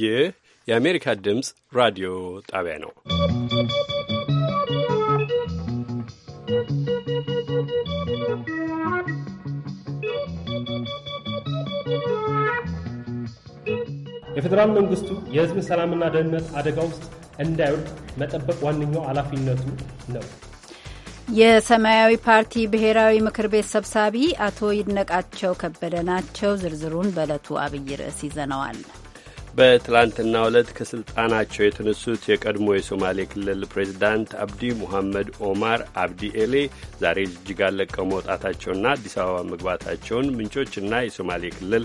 ይህ የአሜሪካ ድምፅ ራዲዮ ጣቢያ ነው። የፌዴራል መንግስቱ የህዝብ ሰላምና ደህንነት አደጋ ውስጥ እንዳይወድቅ መጠበቅ ዋነኛው ኃላፊነቱ ነው። የሰማያዊ ፓርቲ ብሔራዊ ምክር ቤት ሰብሳቢ አቶ ይድነቃቸው ከበደ ናቸው። ዝርዝሩን በዕለቱ አብይ ርዕስ ይዘነዋል። በትላንትና ዕለት ከስልጣናቸው የተነሱት የቀድሞ የሶማሌ ክልል ፕሬዚዳንት አብዲ ሙሐመድ ኦማር አብዲ ኤሌ ዛሬ ጅጅጋ ለቀው መውጣታቸውና አዲስ አበባ መግባታቸውን ምንጮችና የሶማሌ ክልል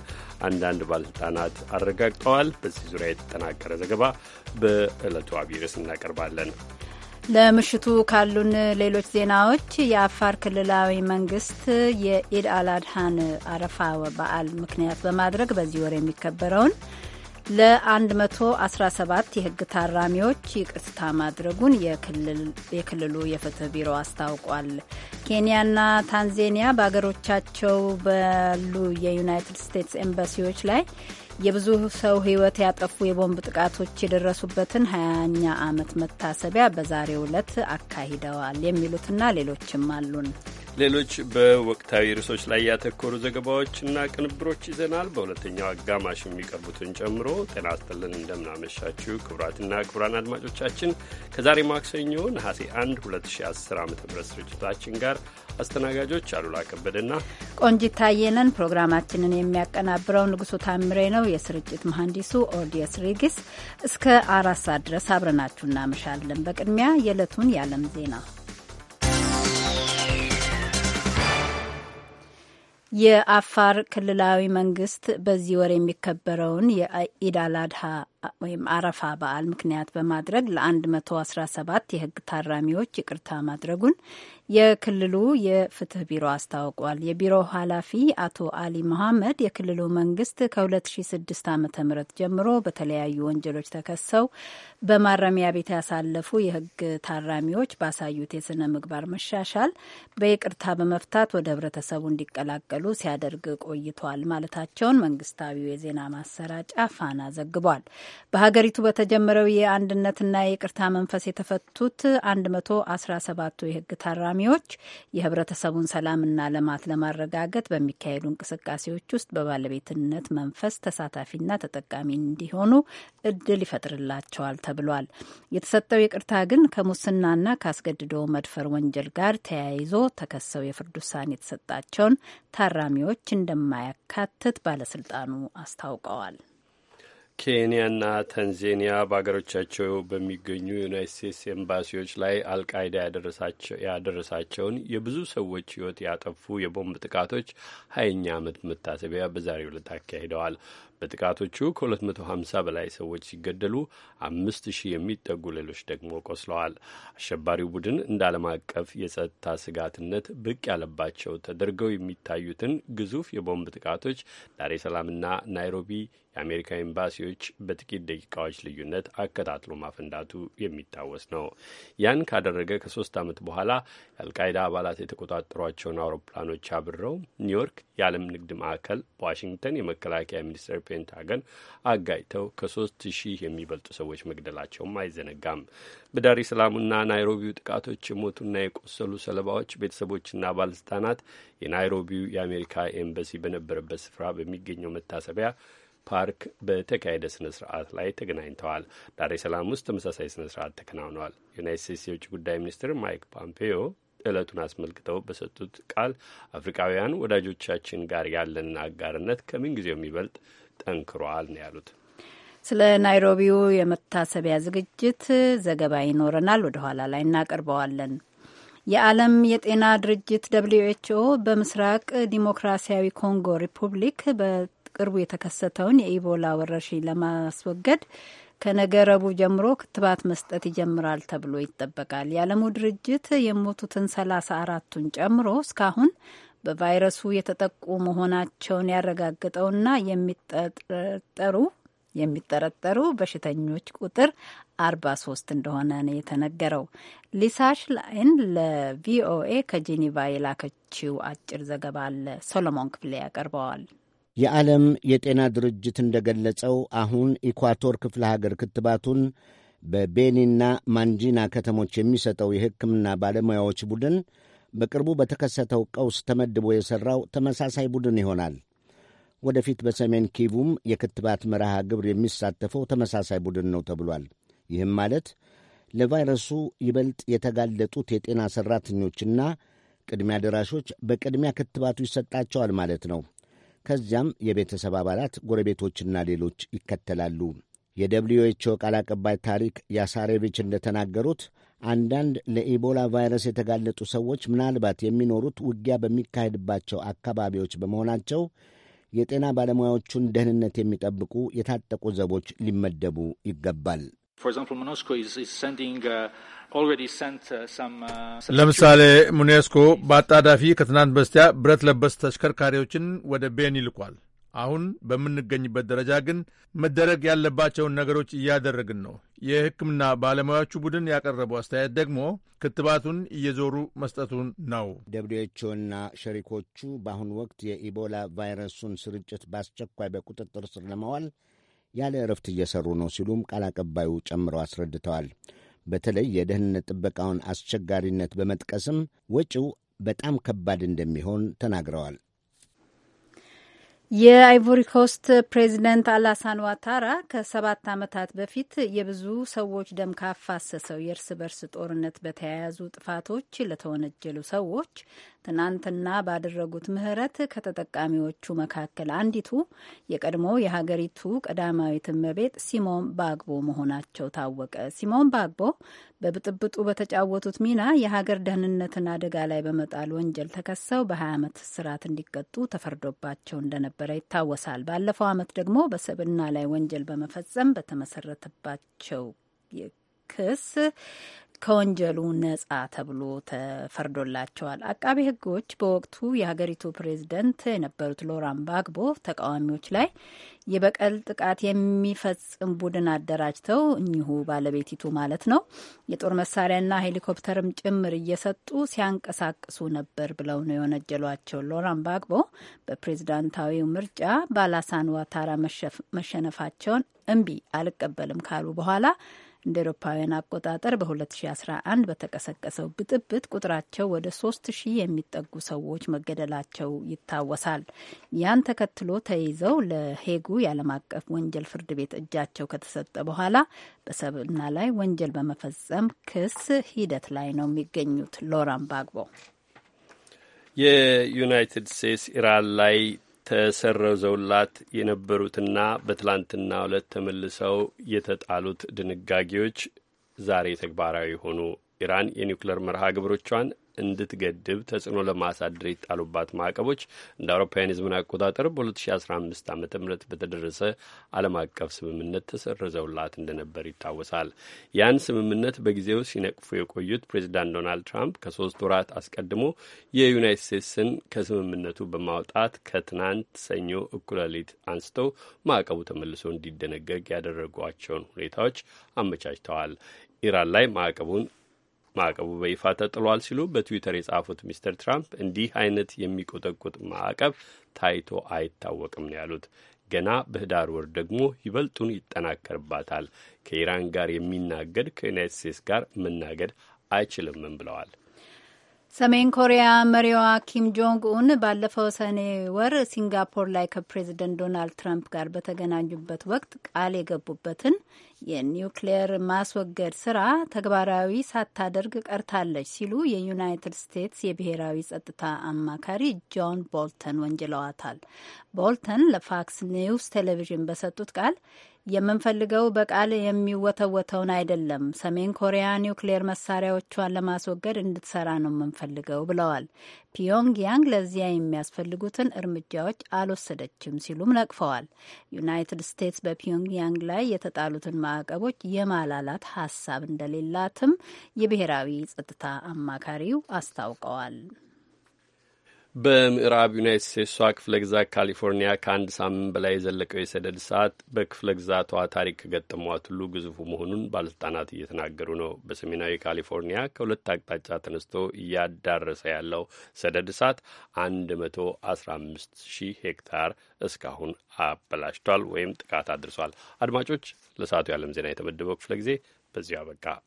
አንዳንድ ባለስልጣናት አረጋግጠዋል። በዚህ ዙሪያ የተጠናቀረ ዘገባ በዕለቱ አብይ እናቀርባለን። ለምሽቱ ካሉን ሌሎች ዜናዎች የአፋር ክልላዊ መንግስት የኢድ አላድሃን አረፋ በዓል ምክንያት በማድረግ በዚህ ወር የሚከበረውን ለ117 የህግ ታራሚዎች ይቅርታ ማድረጉን የክልሉ የፍትህ ቢሮ አስታውቋል። ኬንያና ታንዜኒያ በአገሮቻቸው ባሉ የዩናይትድ ስቴትስ ኤምባሲዎች ላይ የብዙ ሰው ሕይወት ያጠፉ የቦምብ ጥቃቶች የደረሱበትን ሀያኛ ዓመት መታሰቢያ በዛሬው ዕለት አካሂደዋል የሚሉትና ሌሎችም አሉን። ሌሎች በወቅታዊ ርዕሶች ላይ ያተኮሩ ዘገባዎችና ቅንብሮች ይዘናል። በሁለተኛው አጋማሽ የሚቀርቡትን ጨምሮ ጤና ይስጥልን፣ እንደምናመሻችሁ ክቡራትና ክቡራን አድማጮቻችን ከዛሬ ማክሰኞ ነሐሴ 1 2010 ዓ ም ስርጭታችን ጋር አስተናጋጆች አሉላ ከበደና ቆንጂት ታየነን። ፕሮግራማችንን የሚያቀናብረው ንጉሱ ታምሬ ነው። የስርጭት መሐንዲሱ ኦዲየስ ሪጊስ። እስከ አራት ሰዓት ድረስ አብረናችሁ እናመሻለን። በቅድሚያ የዕለቱን የዓለም ዜና የአፋር ክልላዊ መንግስት በዚህ ወር የሚከበረውን የኢድ አል አድሃ ወይም አረፋ በዓል ምክንያት በማድረግ ለ117 የህግ ታራሚዎች ይቅርታ ማድረጉን የክልሉ የፍትህ ቢሮ አስታውቋል። የቢሮው ኃላፊ አቶ አሊ መሐመድ የክልሉ መንግስት ከ2006 ዓ ም ጀምሮ በተለያዩ ወንጀሎች ተከሰው በማረሚያ ቤት ያሳለፉ የህግ ታራሚዎች ባሳዩት የስነ ምግባር መሻሻል በይቅርታ በመፍታት ወደ ህብረተሰቡ እንዲቀላቀሉ ሲያደርግ ቆይቷል ማለታቸውን መንግስታዊው የዜና ማሰራጫ ፋና ዘግቧል። በሀገሪቱ በተጀመረው የአንድነትና የይቅርታ መንፈስ የተፈቱት 117ቱ የህግ ታራሚ ተቃዋሚዎች የህብረተሰቡን ሰላምና ልማት ለማረጋገጥ በሚካሄዱ እንቅስቃሴዎች ውስጥ በባለቤትነት መንፈስ ተሳታፊና ተጠቃሚ እንዲሆኑ እድል ይፈጥርላቸዋል ተብሏል። የተሰጠው ይቅርታ ግን ከሙስናና ካስገድዶ መድፈር ወንጀል ጋር ተያይዞ ተከሰው የፍርድ ውሳኔ የተሰጣቸውን ታራሚዎች እንደማያካትት ባለስልጣኑ አስታውቀዋል። ኬንያና ታንዛኒያ በሀገሮቻቸው በሚገኙ ዩናይት ስቴትስ ኤምባሲዎች ላይ አልቃይዳ ያደረሳቸውን የብዙ ሰዎች ሕይወት ያጠፉ የቦምብ ጥቃቶች ሀያኛ ዓመት መታሰቢያ በዛሬው ዕለት አካሂደዋል። በጥቃቶቹ ከ250 በላይ ሰዎች ሲገደሉ 5000 የሚጠጉ ሌሎች ደግሞ ቆስለዋል። አሸባሪው ቡድን እንደ ዓለም አቀፍ የጸጥታ ስጋትነት ብቅ ያለባቸው ተደርገው የሚታዩትን ግዙፍ የቦምብ ጥቃቶች ዳሬ ሰላምና ናይሮቢ የአሜሪካ ኤምባሲዎች በጥቂት ደቂቃዎች ልዩነት አከታትሎ ማፈንዳቱ የሚታወስ ነው። ያን ካደረገ ከሶስት ዓመት በኋላ የአልቃይዳ አባላት የተቆጣጠሯቸውን አውሮፕላኖች አብረው ኒውዮርክ የዓለም ንግድ ማዕከል፣ ዋሽንግተን የመከላከያ ሚኒስቴር ፔንታገን አጋጭተው ከሶስት ሺህ የሚበልጡ ሰዎች መግደላቸውም አይዘነጋም። በዳር ሰላሙና ናይሮቢው ጥቃቶች የሞቱና የቆሰሉ ሰለባዎች ቤተሰቦችና ባለስልጣናት የናይሮቢው የአሜሪካ ኤምባሲ በነበረበት ስፍራ በሚገኘው መታሰቢያ ፓርክ በተካሄደ ስነ ስርዓት ላይ ተገናኝተዋል። ዳሬ ሰላም ውስጥ ተመሳሳይ ስነ ስርዓት ተከናውነዋል። ዩናይት ስቴትስ የውጭ ጉዳይ ሚኒስትር ማይክ ፖምፔዮ ዕለቱን አስመልክተው በሰጡት ቃል አፍሪካውያን ወዳጆቻችን ጋር ያለንን አጋርነት ከምን ጊዜው የሚበልጥ ጠንክሯል ነው ያሉት። ስለ ናይሮቢው የመታሰቢያ ዝግጅት ዘገባ ይኖረናል፣ ወደ ኋላ ላይ እናቀርበዋለን። የዓለም የጤና ድርጅት ደብልዩ ኤች ኦ በምስራቅ ዲሞክራሲያዊ ኮንጎ ሪፑብሊክ በቅርቡ የተከሰተውን የኢቦላ ወረርሽኝ ለማስወገድ ከነገ ረቡዕ ጀምሮ ክትባት መስጠት ይጀምራል ተብሎ ይጠበቃል። የዓለሙ ድርጅት የሞቱትን ሰላሳ አራቱን ጨምሮ እስካሁን በቫይረሱ የተጠቁ መሆናቸውን ያረጋግጠውና የሚጠረጠሩ የሚጠረጠሩ በሽተኞች ቁጥር 43 እንደሆነ ነው የተነገረው። ሊሳሽ ላይን ለቪኦኤ ከጄኔቫ የላከችው አጭር ዘገባ አለ። ሶሎሞን ክፍሌ ያቀርበዋል። የዓለም የጤና ድርጅት እንደገለጸው አሁን ኢኳቶር ክፍለ ሀገር ክትባቱን በቤኒና ማንጂና ከተሞች የሚሰጠው የሕክምና ባለሙያዎች ቡድን በቅርቡ በተከሰተው ቀውስ ተመድቦ የሠራው ተመሳሳይ ቡድን ይሆናል። ወደፊት በሰሜን ኪቡም የክትባት መርሃ ግብር የሚሳተፈው ተመሳሳይ ቡድን ነው ተብሏል። ይህም ማለት ለቫይረሱ ይበልጥ የተጋለጡት የጤና ሠራተኞችና ቅድሚያ ደራሾች በቅድሚያ ክትባቱ ይሰጣቸዋል ማለት ነው። ከዚያም የቤተሰብ አባላት፣ ጎረቤቶችና ሌሎች ይከተላሉ። የደብሊዩ ኤች ኦ ቃል አቀባይ ታሪክ ያሳሬቪች እንደተናገሩት አንዳንድ ለኢቦላ ቫይረስ የተጋለጡ ሰዎች ምናልባት የሚኖሩት ውጊያ በሚካሄድባቸው አካባቢዎች በመሆናቸው የጤና ባለሙያዎቹን ደህንነት የሚጠብቁ የታጠቁ ዘቦች ሊመደቡ ይገባል። ለምሳሌ ሙኔስኮ በአጣዳፊ ከትናንት በስቲያ ብረት ለበስ ተሽከርካሪዎችን ወደ ቤኒ ልኳል። አሁን በምንገኝበት ደረጃ ግን መደረግ ያለባቸውን ነገሮች እያደረግን ነው። የሕክምና ባለሙያዎቹ ቡድን ያቀረበው አስተያየት ደግሞ ክትባቱን እየዞሩ መስጠቱን ነው። ደብሊውኤችኦና ሸሪኮቹ በአሁኑ ወቅት የኢቦላ ቫይረሱን ስርጭት በአስቸኳይ በቁጥጥር ስር ለማዋል ያለ እረፍት እየሰሩ ነው ሲሉም ቃል አቀባዩ ጨምረው አስረድተዋል። በተለይ የደህንነት ጥበቃውን አስቸጋሪነት በመጥቀስም ወጪው በጣም ከባድ እንደሚሆን ተናግረዋል። ኮስት ፕሬዚደንት አላሳን ዋታራ ከሰባት ዓመታት በፊት የብዙ ሰዎች ደም ካፋሰሰው የእርስ በርስ ጦርነት በተያያዙ ጥፋቶች ለተወነጀሉ ሰዎች ትናንትና ባደረጉት ምህረት ከተጠቃሚዎቹ መካከል አንዲቱ የቀድሞ የሀገሪቱ ቀዳማዊት እመቤት ሲሞን ባግቦ መሆናቸው ታወቀ። ሲሞን ባግቦ በብጥብጡ በተጫወቱት ሚና የሀገር ደህንነትን አደጋ ላይ በመጣል ወንጀል ተከሰው በ20 ዓመት እስራት እንዲቀጡ ተፈርዶባቸው እንደነበር እንደነበረ ይታወሳል። ባለፈው ዓመት ደግሞ በሰብና ላይ ወንጀል በመፈጸም በተመሰረተባቸው ክስ ከወንጀሉ ነጻ ተብሎ ተፈርዶላቸዋል። አቃቢ ሕጎች በወቅቱ የሀገሪቱ ፕሬዝደንት የነበሩት ሎራን ባግቦ ተቃዋሚዎች ላይ የበቀል ጥቃት የሚፈጽም ቡድን አደራጅተው እኚሁ ባለቤቲቱ ማለት ነው የጦር መሳሪያና ሄሊኮፕተርም ጭምር እየሰጡ ሲያንቀሳቅሱ ነበር ብለው ነው የወነጀሏቸው። ሎራን ባግቦ በፕሬዝዳንታዊው ምርጫ ባላሳን ዋታራ መሸነፋቸውን እምቢ አልቀበልም ካሉ በኋላ እንደ ኤሮፓውያን አቆጣጠር በ2011 በተቀሰቀሰው ብጥብጥ ቁጥራቸው ወደ ሺህ የሚጠጉ ሰዎች መገደላቸው ይታወሳል። ያን ተከትሎ ተይዘው ለሄጉ የዓለም አቀፍ ወንጀል ፍርድ ቤት እጃቸው ከተሰጠ በኋላ በሰብና ላይ ወንጀል በመፈጸም ክስ ሂደት ላይ ነው የሚገኙት። ሎራን ባግቦ የዩናይትድ ስቴትስ ኢራን ላይ ተሰረዘውላት የነበሩትና በትላንትና ዕለት ተመልሰው የተጣሉት ድንጋጌዎች ዛሬ ተግባራዊ ሆኑ። ኢራን የኒውክሌር መርሃ ግብሮቿን እንድትገድብ ተጽዕኖ ለማሳደር የጣሉባት ማዕቀቦች እንደ አውሮፓውያን የዘመን አቆጣጠር በ2015 ዓ ም በተደረሰ ዓለም አቀፍ ስምምነት ተሰረዘውላት እንደነበር ይታወሳል። ያን ስምምነት በጊዜው ሲነቅፉ የቆዩት ፕሬዚዳንት ዶናልድ ትራምፕ ከሶስት ወራት አስቀድሞ የዩናይት ስቴትስን ከስምምነቱ በማውጣት ከትናንት ሰኞ እኩለ ሌሊት አንስተው ማዕቀቡ ተመልሶ እንዲደነገግ ያደረጓቸውን ሁኔታዎች አመቻችተዋል። ኢራን ላይ ማዕቀቡን ማዕቀቡ በይፋ ተጥሏል ሲሉ በትዊተር የጻፉት ሚስተር ትራምፕ እንዲህ አይነት የሚቆጠቁጥ ማዕቀብ ታይቶ አይታወቅም ነው ያሉት። ገና በህዳር ወር ደግሞ ይበልጡን ይጠናከርባታል። ከኢራን ጋር የሚናገድ ከዩናይትድ ስቴትስ ጋር መናገድ አይችልምም ብለዋል። ሰሜን ኮሪያ መሪዋ ኪም ጆንግ ኡን ባለፈው ሰኔ ወር ሲንጋፖር ላይ ከፕሬዚደንት ዶናልድ ትራምፕ ጋር በተገናኙበት ወቅት ቃል የገቡበትን የኒውክሌየር ማስወገድ ስራ ተግባራዊ ሳታደርግ ቀርታለች ሲሉ የዩናይትድ ስቴትስ የብሔራዊ ጸጥታ አማካሪ ጆን ቦልተን ወንጅለዋታል። ቦልተን ለፋክስ ኒውስ ቴሌቪዥን በሰጡት ቃል የምንፈልገው በቃል የሚወተወተውን አይደለም፣ ሰሜን ኮሪያ ኒውክሌር መሳሪያዎቿን ለማስወገድ እንድትሰራ ነው የምንፈልገው ብለዋል። ፒዮንግያንግ ለዚያ የሚያስፈልጉትን እርምጃዎች አልወሰደችም ሲሉም ነቅፈዋል። ዩናይትድ ስቴትስ በፒዮንግያንግ ላይ የተጣሉትን ማዕቀቦች የማላላት ሀሳብ እንደሌላትም የብሔራዊ ጸጥታ አማካሪው አስታውቀዋል። በምዕራብ ዩናይት ስቴትሷ ክፍለ ግዛት ካሊፎርኒያ ከአንድ ሳምንት በላይ የዘለቀው የሰደድ እሳት በክፍለ ግዛቷ ታሪክ ከገጠሟት ሁሉ ግዙፉ መሆኑን ባለስልጣናት እየተናገሩ ነው። በሰሜናዊ ካሊፎርኒያ ከሁለት አቅጣጫ ተነስቶ እያዳረሰ ያለው ሰደድ እሳት አንድ መቶ አስራ አምስት ሺህ ሄክታር እስካሁን አበላሽቷል ወይም ጥቃት አድርሷል። አድማጮች፣ ለሰዓቱ የዓለም ዜና የተመደበው ክፍለ ጊዜ በዚያ አበቃ።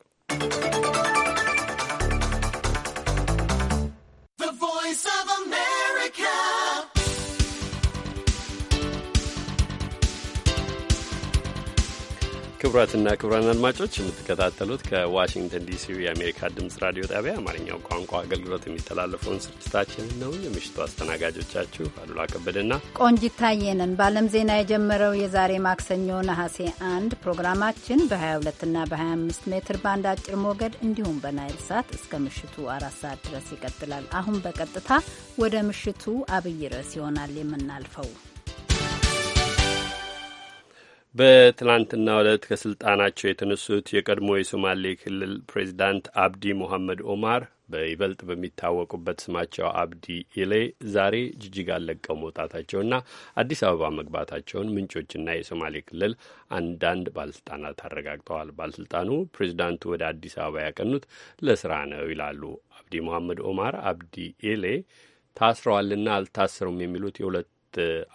ክቡራትና ክቡራን አድማጮች የምትከታተሉት ከዋሽንግተን ዲሲ የአሜሪካ ድምፅ ራዲዮ ጣቢያ አማርኛው ቋንቋ አገልግሎት የሚተላለፈውን ስርጭታችንን ነው። የምሽቱ አስተናጋጆቻችሁ አሉላ ከበደና ቆንጂት ታየ በዓለም ዜና የጀመረው የዛሬ ማክሰኞ ነሐሴ አንድ ፕሮግራማችን በ22ና በ25 ሜትር ባንድ አጭር ሞገድ እንዲሁም በናይል ሳት እስከ ምሽቱ አራት ሰዓት ድረስ ይቀጥላል። አሁን በቀጥታ ወደ ምሽቱ አብይ ርዕስ ይሆናል የምናልፈው በትላንትና ዕለት ከስልጣናቸው የተነሱት የቀድሞ የሶማሌ ክልል ፕሬዚዳንት አብዲ ሞሐመድ ኦማር በይበልጥ በሚታወቁበት ስማቸው አብዲ ኢሌ ዛሬ ጅጅጋ ለቀው መውጣታቸውና አዲስ አበባ መግባታቸውን ምንጮችና የሶማሌ ክልል አንዳንድ ባለስልጣናት አረጋግጠዋል። ባለስልጣኑ ፕሬዚዳንቱ ወደ አዲስ አበባ ያቀኑት ለስራ ነው ይላሉ። አብዲ ሞሐመድ ኦማር አብዲ ኢሌ ታስረዋልና አልታሰሩም የሚሉት የሁለት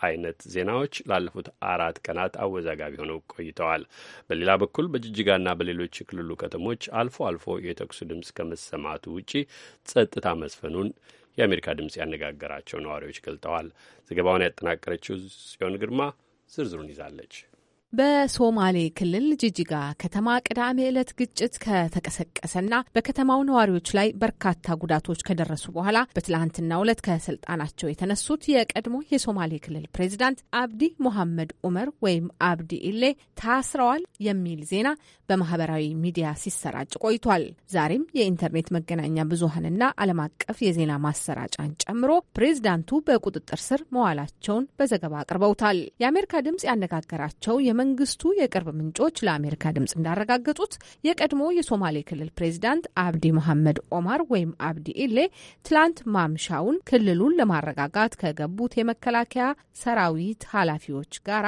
አይነት ዜናዎች ላለፉት አራት ቀናት አወዛጋቢ ሆነው ቆይተዋል። በሌላ በኩል በጅጅጋና በሌሎች የክልሉ ከተሞች አልፎ አልፎ የተኩሱ ድምፅ ከመሰማቱ ውጪ ጸጥታ መስፈኑን የአሜሪካ ድምፅ ያነጋገራቸው ነዋሪዎች ገልጠዋል። ዘገባውን ያጠናቀረችው ጽዮን ግርማ ዝርዝሩን ይዛለች። በሶማሌ ክልል ጅጅጋ ከተማ ቅዳሜ ዕለት ግጭት ከተቀሰቀሰና በከተማው ነዋሪዎች ላይ በርካታ ጉዳቶች ከደረሱ በኋላ በትላንትናው ዕለት ከስልጣናቸው የተነሱት የቀድሞ የሶማሌ ክልል ፕሬዚዳንት አብዲ ሞሐመድ ኡመር ወይም አብዲ ኢሌ ታስረዋል የሚል ዜና በማህበራዊ ሚዲያ ሲሰራጭ ቆይቷል። ዛሬም የኢንተርኔት መገናኛ ብዙሀንና ዓለም አቀፍ የዜና ማሰራጫን ጨምሮ ፕሬዚዳንቱ በቁጥጥር ስር መዋላቸውን በዘገባ አቅርበውታል። የአሜሪካ ድምጽ ያነጋገራቸው የመንግስቱ የቅርብ ምንጮች ለአሜሪካ ድምጽ እንዳረጋገጡት የቀድሞ የሶማሌ ክልል ፕሬዚዳንት አብዲ መሐመድ ኦማር ወይም አብዲ ኢሌ ትላንት ማምሻውን ክልሉን ለማረጋጋት ከገቡት የመከላከያ ሰራዊት ኃላፊዎች ጋራ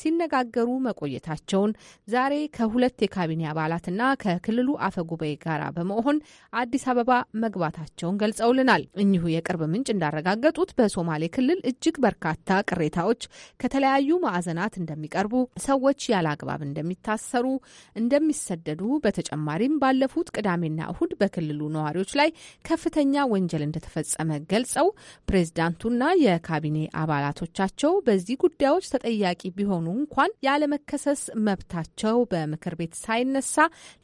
ሲነጋገሩ መቆየታቸውን ዛሬ ከሁለት የካቢኔ አባላትና ከክልሉ አፈጉባኤ ጋራ በመሆን አዲስ አበባ መግባታቸውን ገልጸውልናል። እኚሁ የቅርብ ምንጭ እንዳረጋገጡት በሶማሌ ክልል እጅግ በርካታ ቅሬታዎች ከተለያዩ ማዕዘናት እንደሚቀርቡ ሰው ሰዎች ያለ አግባብ እንደሚታሰሩ፣ እንደሚሰደዱ በተጨማሪም ባለፉት ቅዳሜና እሁድ በክልሉ ነዋሪዎች ላይ ከፍተኛ ወንጀል እንደተፈጸመ ገልጸው ፕሬዝዳንቱና የካቢኔ አባላቶቻቸው በዚህ ጉዳዮች ተጠያቂ ቢሆኑ እንኳን ያለመከሰስ መብታቸው በምክር ቤት ሳይነሳ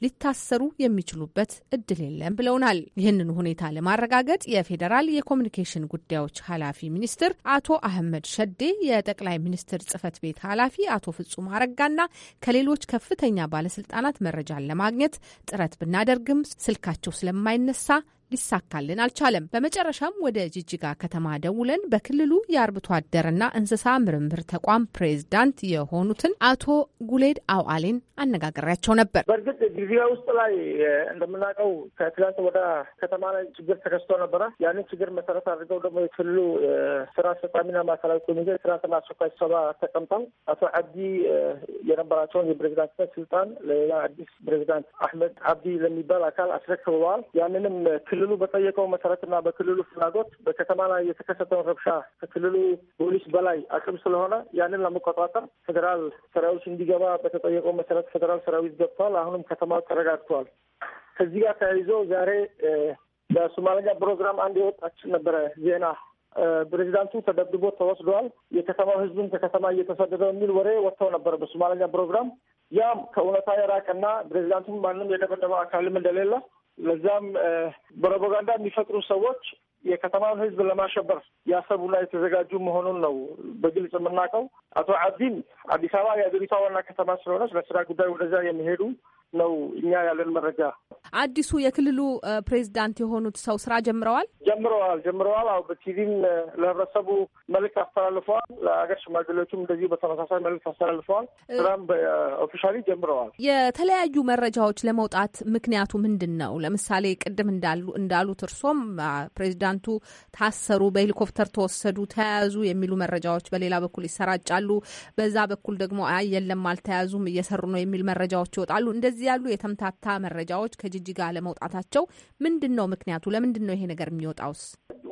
ሊታሰሩ የሚችሉበት እድል የለም ብለውናል። ይህንን ሁኔታ ለማረጋገጥ የፌዴራል የኮሚኒኬሽን ጉዳዮች ኃላፊ ሚኒስትር አቶ አህመድ ሸዴ፣ የጠቅላይ ሚኒስትር ጽህፈት ቤት ኃላፊ አቶ ፍጹም አረጋና ከሌሎች ከፍተኛ ባለስልጣናት መረጃን ለማግኘት ጥረት ብናደርግም ስልካቸው ስለማይነሳ ሊሳካልን አልቻለም። በመጨረሻም ወደ ጅጅጋ ከተማ ደውለን በክልሉ የአርብቶ አደርና እንስሳ ምርምር ተቋም ፕሬዝዳንት የሆኑትን አቶ ጉሌድ አውአሌን አነጋግሬያቸው ነበር። በእርግጥ ጅጅጋ ውስጥ ላይ እንደምናውቀው ከትላንት ወደ ከተማ ላይ ችግር ተከስቶ ነበረ። ያንን ችግር መሰረት አድርገው ደግሞ የክልሉ ስራ አስፈጻሚና ማዕከላዊ ኮሚቴ ስራ አስቸኳይ ስብሰባ ተቀምጠው አቶ አብዲ የነበራቸውን የፕሬዝዳንትነት ስልጣን ለሌላ አዲስ ፕሬዝዳንት አህመድ አብዲ ለሚባል አካል አስረክበዋል። ያንንም ክልሉ በጠየቀው መሰረትና በክልሉ ፍላጎት በከተማ ላይ የተከሰተውን ረብሻ ከክልሉ ፖሊስ በላይ አቅም ስለሆነ ያንን ለመቆጣጠር ፌዴራል ሰራዊት እንዲገባ በተጠየቀው መሰረት ፌዴራል ሰራዊት ገብቷል። አሁንም ከተማ ተረጋግቷል። ከዚህ ጋር ተያይዞ ዛሬ በሶማለኛ ፕሮግራም አንድ የወጣች ነበረ ዜና ፕሬዚዳንቱ ተደብድቦ ተወስደዋል፣ የከተማው ህዝብም ከከተማ እየተሰደደ የሚል ወሬ ወጥተው ነበር በሶማለኛ ፕሮግራም። ያም ከእውነታ የራቀና ፕሬዚዳንቱም ማንም የደበደበው አካልም እንደሌለ ለዛም ፕሮፓጋንዳ የሚፈጥሩ ሰዎች የከተማውን ህዝብ ለማሸበር ያሰቡና የተዘጋጁ መሆኑን ነው በግልጽ የምናውቀው። አቶ አብዲን አዲስ አበባ የአገሪቷ ዋና ከተማ ስለሆነች ለስራ ጉዳይ ወደዚያ የሚሄዱ ነው እኛ ያለን መረጃ። አዲሱ የክልሉ ፕሬዚዳንት የሆኑት ሰው ስራ ጀምረዋል ጀምረዋል ጀምረዋል። አሁ በቲቪም ለህብረተሰቡ መልዕክት አስተላልፈዋል። ለሀገር ሽማግሌዎቹም እንደዚሁ በተመሳሳይ መልዕክት አስተላልፈዋል። ስራም ኦፊሻሊ ጀምረዋል። የተለያዩ መረጃዎች ለመውጣት ምክንያቱ ምንድን ነው? ለምሳሌ ቅድም እንዳሉ እንዳሉት እርሶም ፕሬዚዳንቱ ታሰሩ፣ በሄሊኮፕተር ተወሰዱ፣ ተያያዙ የሚሉ መረጃዎች በሌላ በኩል ይሰራጫሉ። በዛ በኩል ደግሞ አይ የለም አልተያዙም እየሰሩ ነው የሚል መረጃዎች ይወጣሉ። እንደዚህ እንደዚህ ያሉ የተምታታ መረጃዎች ከጅጅጋ ለመውጣታቸው ምንድን ነው ምክንያቱ? ለምንድን ነው ይሄ ነገር የሚወጣውስ?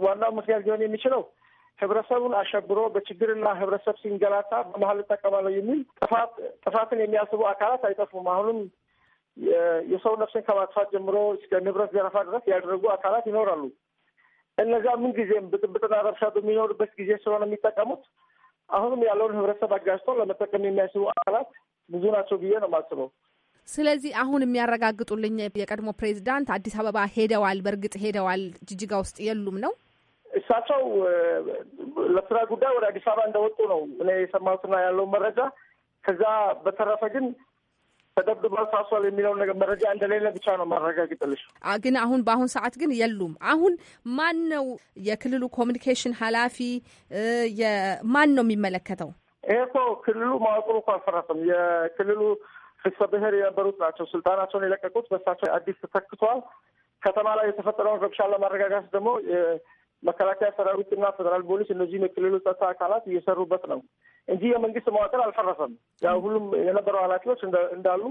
ዋናው ምክንያት ሊሆን የሚችለው ህብረተሰቡን አሸብሮ በችግርና ህብረተሰብ ሲንገላታ በመሀል እጠቀማለሁ የሚል ጥፋት ጥፋትን የሚያስቡ አካላት አይጠፉም። አሁንም የሰው ነፍስን ከማጥፋት ጀምሮ እስከ ንብረት ዘረፋ ድረስ ያደረጉ አካላት ይኖራሉ። እነዛ ምን ጊዜም ብጥብጥና ረብሻ በሚኖርበት ጊዜ ስለሆነ የሚጠቀሙት አሁንም ያለውን ህብረተሰብ አጋጭተው ለመጠቀም የሚያስቡ አካላት ብዙ ናቸው ብዬ ነው የማስበው። ስለዚህ አሁን የሚያረጋግጡልኝ የቀድሞ ፕሬዚዳንት አዲስ አበባ ሄደዋል፣ በእርግጥ ሄደዋል፣ ጅጅጋ ውስጥ የሉም ነው እሳቸው ለስራ ጉዳይ ወደ አዲስ አበባ እንደወጡ ነው እኔ የሰማሁትና ያለው መረጃ። ከዛ በተረፈ ግን ተደብድበው ታስሯል የሚለውን ነገር መረጃ እንደሌለ ብቻ ነው ማረጋግጥልሽ። ግን አሁን በአሁን ሰዓት ግን የሉም። አሁን ማን ነው የክልሉ ኮሚኒኬሽን ኃላፊ ማን ነው የሚመለከተው? ይሄ እኮ ክልሉ ማወቁ እኮ አልፈረሰም። የክልሉ ህዝበ ብሔር የነበሩት ናቸው። ስልጣናቸውን የለቀቁት በሳቸው አዲስ ተተክቷል። ከተማ ላይ የተፈጠረውን ረብሻ ለማረጋጋት ደግሞ መከላከያ ሰራዊትና ፌደራል ፖሊስ እነዚህም የክልሉ ጸጥታ አካላት እየሰሩበት ነው እንጂ የመንግስት መዋቅር አልፈረሰም። ያው ሁሉም የነበረው ኃላፊዎች እንዳሉ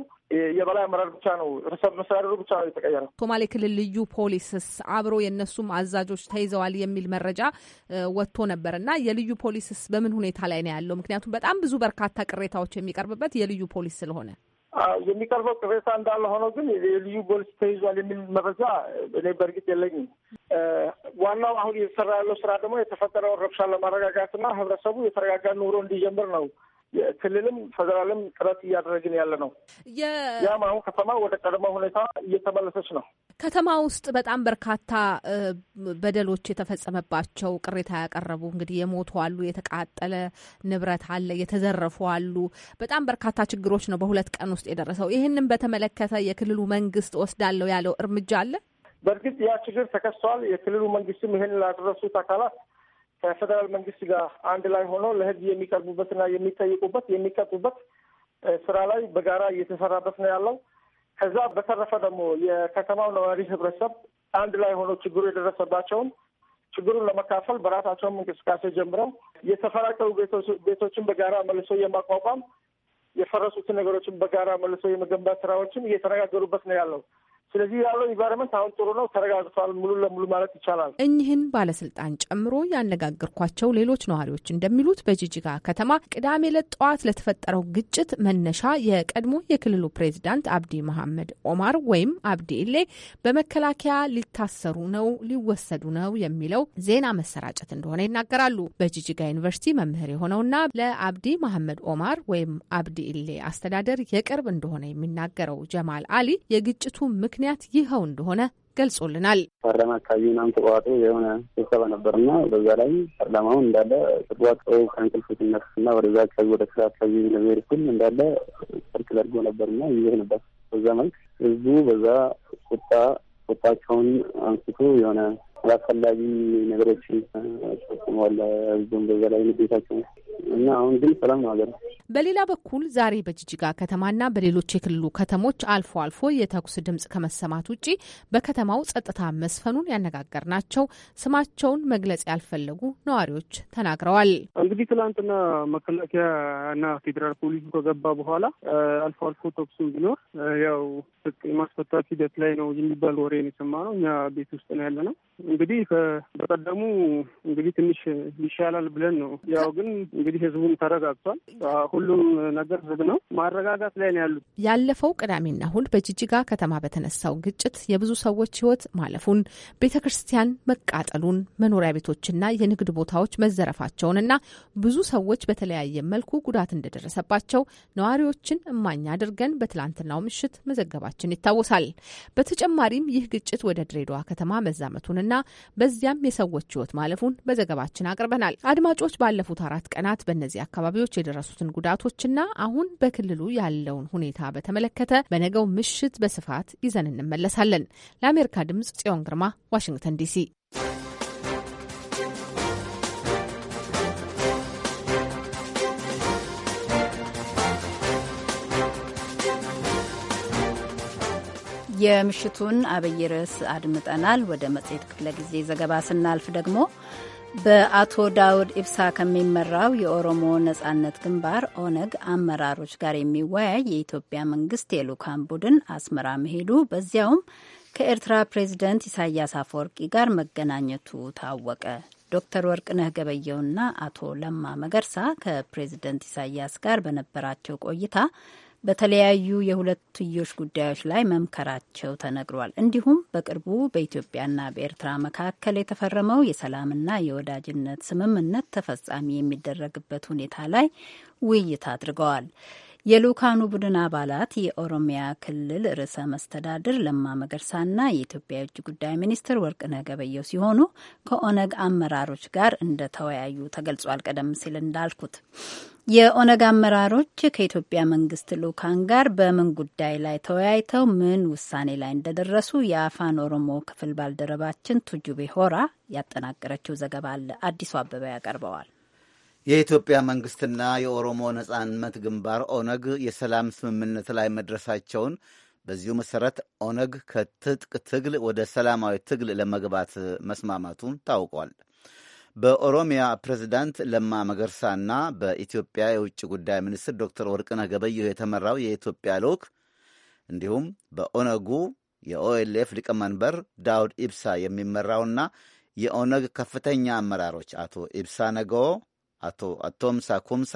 የበላይ አመራር ብቻ ነው ርዕሰ መስተዳድሩ ብቻ ነው የተቀየረው። ሶማሌ ክልል ልዩ ፖሊስስ አብሮ የእነሱም አዛዦች ተይዘዋል የሚል መረጃ ወጥቶ ነበር እና የልዩ ፖሊስስ በምን ሁኔታ ላይ ነው ያለው? ምክንያቱም በጣም ብዙ በርካታ ቅሬታዎች የሚቀርብበት የልዩ ፖሊስ ስለሆነ የሚቀርበው ቅሬታ እንዳለ ሆኖ ግን የልዩ ፖሊስ ተይዟል የሚል መረጃ እኔ በእርግጥ የለኝም። ዋናው አሁን እየተሰራ ያለው ስራ ደግሞ የተፈጠረውን ረብሻ ለማረጋጋትና ህብረተሰቡ የተረጋጋ ኑሮ እንዲጀምር ነው ክልልም ፌዴራልም ጥረት እያደረግን ያለ ነው። ያም አሁን ከተማ ወደ ቀድሞ ሁኔታ እየተመለሰች ነው። ከተማ ውስጥ በጣም በርካታ በደሎች የተፈጸመባቸው ቅሬታ ያቀረቡ እንግዲህ የሞቱ አሉ፣ የተቃጠለ ንብረት አለ፣ የተዘረፉ አሉ። በጣም በርካታ ችግሮች ነው በሁለት ቀን ውስጥ የደረሰው። ይህንን በተመለከተ የክልሉ መንግስት ወስዳለው ያለው እርምጃ አለ። በእርግጥ ያ ችግር ተከስተዋል የክልሉ መንግስትም ይህን ላደረሱት አካላት ከፌዴራል መንግስት ጋር አንድ ላይ ሆኖ ለህግ የሚቀርቡበትና የሚጠይቁበት የሚቀጡበት ስራ ላይ በጋራ እየተሰራበት ነው ያለው። ከዛ በተረፈ ደግሞ የከተማው ነዋሪ ህብረተሰብ አንድ ላይ ሆኖ ችግሩ የደረሰባቸውን ችግሩን ለመካፈል በራሳቸውም እንቅስቃሴ ጀምረው የተፈራቀሉ ቤቶችን በጋራ መልሶ የማቋቋም የፈረሱትን ነገሮችን በጋራ መልሶ የመገንባት ስራዎችን እየተነጋገሩበት ነው ያለው። ስለዚህ ያለው ኢንቫይሮመንት አሁን ጥሩ ነው፣ ተረጋግቷል ሙሉ ለሙሉ ማለት ይቻላል። እኚህን ባለስልጣን ጨምሮ ያነጋገርኳቸው ሌሎች ነዋሪዎች እንደሚሉት በጂጂጋ ከተማ ቅዳሜ ዕለት ጠዋት ለተፈጠረው ግጭት መነሻ የቀድሞ የክልሉ ፕሬዚዳንት አብዲ መሐመድ ኦማር ወይም አብዲ ኢሌ በመከላከያ ሊታሰሩ ነው፣ ሊወሰዱ ነው የሚለው ዜና መሰራጨት እንደሆነ ይናገራሉ። በጂጂጋ ዩኒቨርሲቲ መምህር የሆነውና ለአብዲ መሐመድ ኦማር ወይም አብዲ ኢሌ አስተዳደር የቅርብ እንደሆነ የሚናገረው ጀማል አሊ የግጭቱ ምክንያት ምክንያት ይኸው እንደሆነ ገልጾልናል። ፓርላማ አካባቢ ምናምን ተቋዋጦ የሆነ ስብሰባ ነበርና በዛ ላይ ፓርላማውን እንዳለ ተቋዋጦ ከእንቅልፍ ሲነሱና ወደዛ አካባቢ ወደ ስራ አካባቢ ለሚሄድኩል እንዳለ ሰርክ ደርጎ ነበርና ይዘህ ነበር። በዛ መልክ ህዝቡ በዛ ቁጣ ቁጣቸውን አንስቶ የሆነ አላስፈላጊ ነገሮችን ፈጽመዋል። ህዝቡን በዛ ላይ ንዴታቸው እና አሁን ግን ሰላም ነው ሀገር። በሌላ በኩል ዛሬ በጅጅጋ ከተማና በሌሎች የክልሉ ከተሞች አልፎ አልፎ የተኩስ ድምጽ ከመሰማት ውጪ በከተማው ጸጥታ መስፈኑን ናቸው ስማቸውን መግለጽ ያልፈለጉ ነዋሪዎች ተናግረዋል። እንግዲህ ትላንትና መከላከያ እና ፌዴራል ፖሊሱ ከገባ በኋላ አልፎ አልፎ ተኩሱ ቢኖር ያው የማስፈታት ሂደት ላይ ነው የሚባል ወሬ የሰማ ነው። እኛ ቤት ውስጥ ነው ያለ ነው እንግዲህ በቀደሙ እንግዲህ ትንሽ ይሻላል ብለን ነው። ያው ግን እንግዲህ ህዝቡም ተረጋግቷል። ሁሉም ነገር ዝግ ነው። ማረጋጋት ላይ ነው ያሉት። ያለፈው ቅዳሜና እሁድ በጅጅጋ ከተማ በተነሳው ግጭት የብዙ ሰዎች ህይወት ማለፉን፣ ቤተ ክርስቲያን መቃጠሉን፣ መኖሪያ ቤቶችና የንግድ ቦታዎች መዘረፋቸውንና ብዙ ሰዎች በተለያየ መልኩ ጉዳት እንደደረሰባቸው ነዋሪዎችን እማኝ አድርገን በትላንትናው ምሽት መዘገባችን ይታወሳል። በተጨማሪም ይህ ግጭት ወደ ድሬዳዋ ከተማ መዛመቱንና በዚያም የሰዎች ህይወት ማለፉን በዘገባችን አቅርበናል። አድማጮች ባለፉት አራት ቀናት በእነዚህ አካባቢዎች የደረሱትን ጉዳቶች ና አሁን በክልሉ ያለውን ሁኔታ በተመለከተ በነገው ምሽት በስፋት ይዘን እንመለሳለን። ለአሜሪካ ድምጽ ጽዮን ግርማ ዋሽንግተን ዲሲ የምሽቱን አብይ ርዕስ አድምጠናል። ወደ መጽሔት ክፍለ ጊዜ ዘገባ ስናልፍ ደግሞ በአቶ ዳውድ ኢብሳ ከሚመራው የኦሮሞ ነጻነት ግንባር ኦነግ አመራሮች ጋር የሚወያይ የኢትዮጵያ መንግስት የልኡካን ቡድን አስመራ መሄዱ በዚያውም ከኤርትራ ፕሬዚደንት ኢሳያስ አፈወርቂ ጋር መገናኘቱ ታወቀ። ዶክተር ወርቅነህ ገበየውና አቶ ለማ መገርሳ ከፕሬዚደንት ኢሳያስ ጋር በነበራቸው ቆይታ በተለያዩ የሁለትዮሽ ጉዳዮች ላይ መምከራቸው ተነግሯል። እንዲሁም በቅርቡ በኢትዮጵያና በኤርትራ መካከል የተፈረመው የሰላምና የወዳጅነት ስምምነት ተፈጻሚ የሚደረግበት ሁኔታ ላይ ውይይት አድርገዋል። የልኡካኑ ቡድን አባላት የኦሮሚያ ክልል ርዕሰ መስተዳድር ለማ መገርሳና የኢትዮጵያ የውጭ ጉዳይ ሚኒስትር ወርቅነህ ገበየሁ ሲሆኑ ከኦነግ አመራሮች ጋር እንደተወያዩ ተገልጿል። ቀደም ሲል እንዳልኩት የኦነግ አመራሮች ከኢትዮጵያ መንግስት ልኡካን ጋር በምን ጉዳይ ላይ ተወያይተው ምን ውሳኔ ላይ እንደደረሱ የአፋን ኦሮሞ ክፍል ባልደረባችን ቱጁቤ ሆራ ያጠናቀረችው ዘገባ አለ። አዲሱ አበበ ያቀርበዋል። የኢትዮጵያ መንግስትና የኦሮሞ ነጻነት ግንባር ኦነግ የሰላም ስምምነት ላይ መድረሳቸውን በዚሁ መሰረት ኦነግ ከትጥቅ ትግል ወደ ሰላማዊ ትግል ለመግባት መስማማቱን ታውቋል። በኦሮሚያ ፕሬዚዳንት ለማ መገርሳና በኢትዮጵያ የውጭ ጉዳይ ሚኒስትር ዶክተር ወርቅነህ ገበየሁ የተመራው የኢትዮጵያ ልዑክ እንዲሁም በኦነጉ የኦኤልኤፍ ሊቀመንበር ዳውድ ኢብሳ የሚመራውና የኦነግ ከፍተኛ አመራሮች አቶ ኢብሳ ነገዎ፣ አቶ አቶምሳ ኩምሳ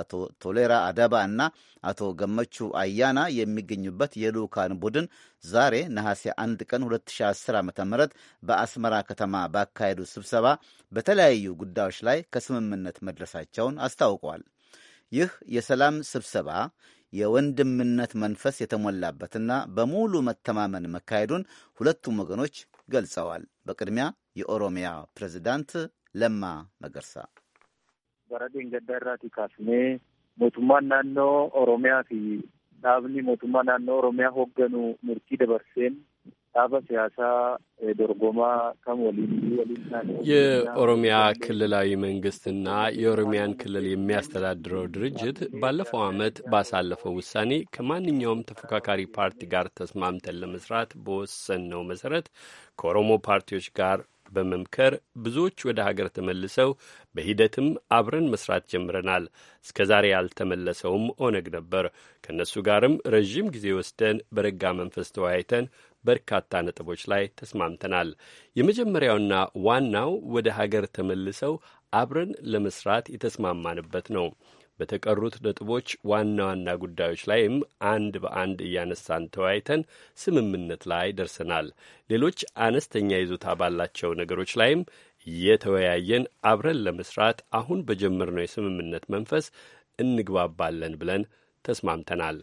አቶ ቶሌራ አደባ እና አቶ ገመቹ አያና የሚገኙበት የልዑካን ቡድን ዛሬ ነሐሴ 1 ቀን 2010 ዓ ም በአስመራ ከተማ ባካሄዱ ስብሰባ በተለያዩ ጉዳዮች ላይ ከስምምነት መድረሳቸውን አስታውቀዋል። ይህ የሰላም ስብሰባ የወንድምነት መንፈስ የተሞላበትና በሙሉ መተማመን መካሄዱን ሁለቱም ወገኖች ገልጸዋል። በቅድሚያ የኦሮሚያ ፕሬዚዳንት ለማ መገርሳ bara dheengaddaa irraatii kaasnee mootummaan naannoo Oromiyaa fi dhaabni mootummaa naannoo Oromiyaa hoogganu murtii dabarseen dhaaba siyaasaa dorgomaa kan waliin waliን የኦሮሚያ ክልላዊ መንግስትና የኦሮሚያን ክልል የሚያስተዳድረው ድርጅት ባለፈው ዓመት ባሳለፈው ውሳኔ ከማንኛውም ተፎካካሪ ፓርቲ ጋር ተስማምተን ለመስራት በወሰን ነው መሰረት ከኦሮሞ ፓርቲዎች ጋር በመምከር ብዙዎች ወደ ሀገር ተመልሰው በሂደትም አብረን መስራት ጀምረናል። እስከ ዛሬ ያልተመለሰውም ኦነግ ነበር። ከእነሱ ጋርም ረዥም ጊዜ ወስደን በረጋ መንፈስ ተወያይተን በርካታ ነጥቦች ላይ ተስማምተናል። የመጀመሪያውና ዋናው ወደ ሀገር ተመልሰው አብረን ለመስራት የተስማማንበት ነው። በተቀሩት ነጥቦች ዋና ዋና ጉዳዮች ላይም አንድ በአንድ እያነሳን ተወያይተን ስምምነት ላይ ደርሰናል። ሌሎች አነስተኛ ይዞታ ባላቸው ነገሮች ላይም እየተወያየን አብረን ለመስራት አሁን በጀመርነው የስምምነት መንፈስ እንግባባለን ብለን ተስማምተናል።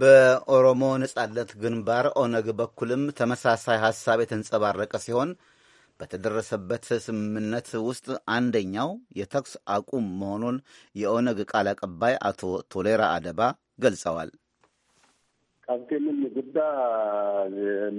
በኦሮሞ ነጻነት ግንባር ኦነግ በኩልም ተመሳሳይ ሀሳብ የተንጸባረቀ ሲሆን በተደረሰበት ስምምነት ውስጥ አንደኛው የተኩስ አቁም መሆኑን የኦነግ ቃል አቀባይ አቶ ቶሌራ አደባ ገልጸዋል። Qabxiin inni guddaa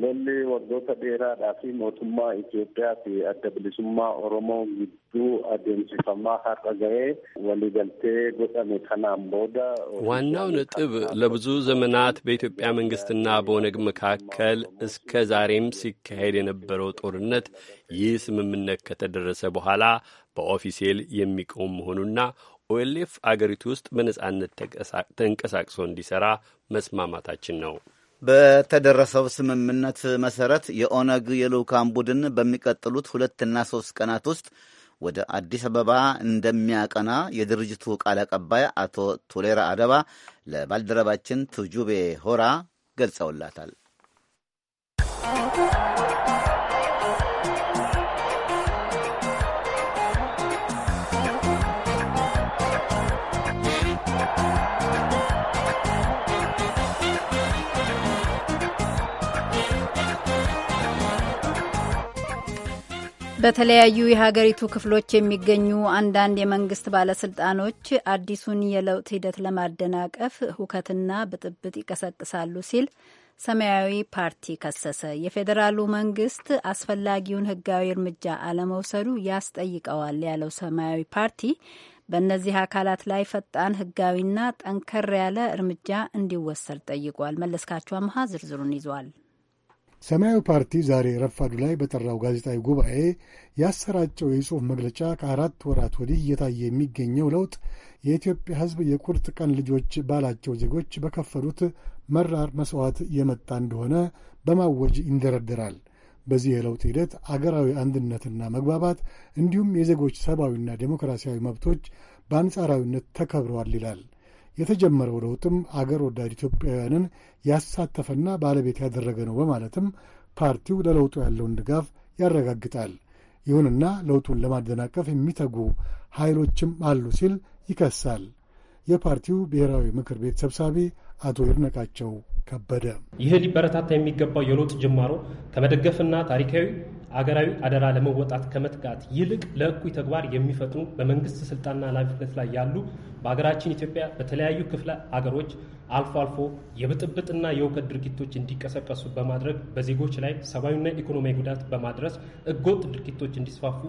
lolli waggoota dheeraadhaa fi mootummaa Itoophiyaa fi adda bilisummaa Oromoo gidduu adeemsifamaa har'a ga'ee waliigaltee godhame kanaan booda ዋናው ነጥብ ለብዙ ዘመናት በኢትዮጵያ መንግስትና በኦነግ መካከል እስከ ዛሬም ሲካሄድ የነበረው ጦርነት ይህ ስምምነት ከተደረሰ በኋላ በኦፊሴል የሚቆም መሆኑና ኦኤልኤፍ አገሪቱ ውስጥ በነጻነት ተንቀሳቅሶ እንዲሰራ መስማማታችን ነው። በተደረሰው ስምምነት መሰረት የኦነግ የልዑካን ቡድን በሚቀጥሉት ሁለትና ሶስት ቀናት ውስጥ ወደ አዲስ አበባ እንደሚያቀና የድርጅቱ ቃል አቀባይ አቶ ቱሌራ አደባ ለባልደረባችን ትጁቤ ሆራ ገልጸውላታል። በተለያዩ የሀገሪቱ ክፍሎች የሚገኙ አንዳንድ የመንግስት ባለስልጣኖች አዲሱን የለውጥ ሂደት ለማደናቀፍ ሁከትና ብጥብጥ ይቀሰቅሳሉ ሲል ሰማያዊ ፓርቲ ከሰሰ። የፌዴራሉ መንግስት አስፈላጊውን ህጋዊ እርምጃ አለመውሰዱ ያስጠይቀዋል ያለው ሰማያዊ ፓርቲ በእነዚህ አካላት ላይ ፈጣን ህጋዊና ጠንከር ያለ እርምጃ እንዲወሰድ ጠይቋል። መለስካቸው አመሀ ዝርዝሩን ይዟል። ሰማያዊ ፓርቲ ዛሬ ረፋዱ ላይ በጠራው ጋዜጣዊ ጉባኤ ያሰራጨው የጽሑፍ መግለጫ ከአራት ወራት ወዲህ እየታየ የሚገኘው ለውጥ የኢትዮጵያ ሕዝብ የቁርጥ ቀን ልጆች ባላቸው ዜጎች በከፈሉት መራር መሥዋዕት የመጣ እንደሆነ በማወጅ ይንደረደራል። በዚህ የለውጥ ሂደት አገራዊ አንድነትና መግባባት እንዲሁም የዜጎች ሰብአዊና ዴሞክራሲያዊ መብቶች በአንጻራዊነት ተከብረዋል ይላል። የተጀመረው ለውጥም አገር ወዳድ ኢትዮጵያውያንን ያሳተፈና ባለቤት ያደረገ ነው በማለትም ፓርቲው ለለውጡ ያለውን ድጋፍ ያረጋግጣል። ይሁንና ለውጡን ለማደናቀፍ የሚተጉ ኃይሎችም አሉ ሲል ይከሳል። የፓርቲው ብሔራዊ ምክር ቤት ሰብሳቢ አቶ ይድነቃቸው ከበደ ይህ ሊበረታታ የሚገባው የለውጥ ጅማሮ ከመደገፍና ታሪካዊ አገራዊ አደራ ለመወጣት ከመትጋት ይልቅ ለእኩይ ተግባር የሚፈጥኑ በመንግስት ስልጣንና ኃላፊነት ላይ ያሉ በሀገራችን ኢትዮጵያ በተለያዩ ክፍለ አገሮች አልፎ አልፎ የብጥብጥና የውከት ድርጊቶች እንዲቀሰቀሱ በማድረግ በዜጎች ላይ ሰብአዊና ኢኮኖሚያዊ ጉዳት በማድረስ ህገወጥ ድርጊቶች እንዲስፋፉ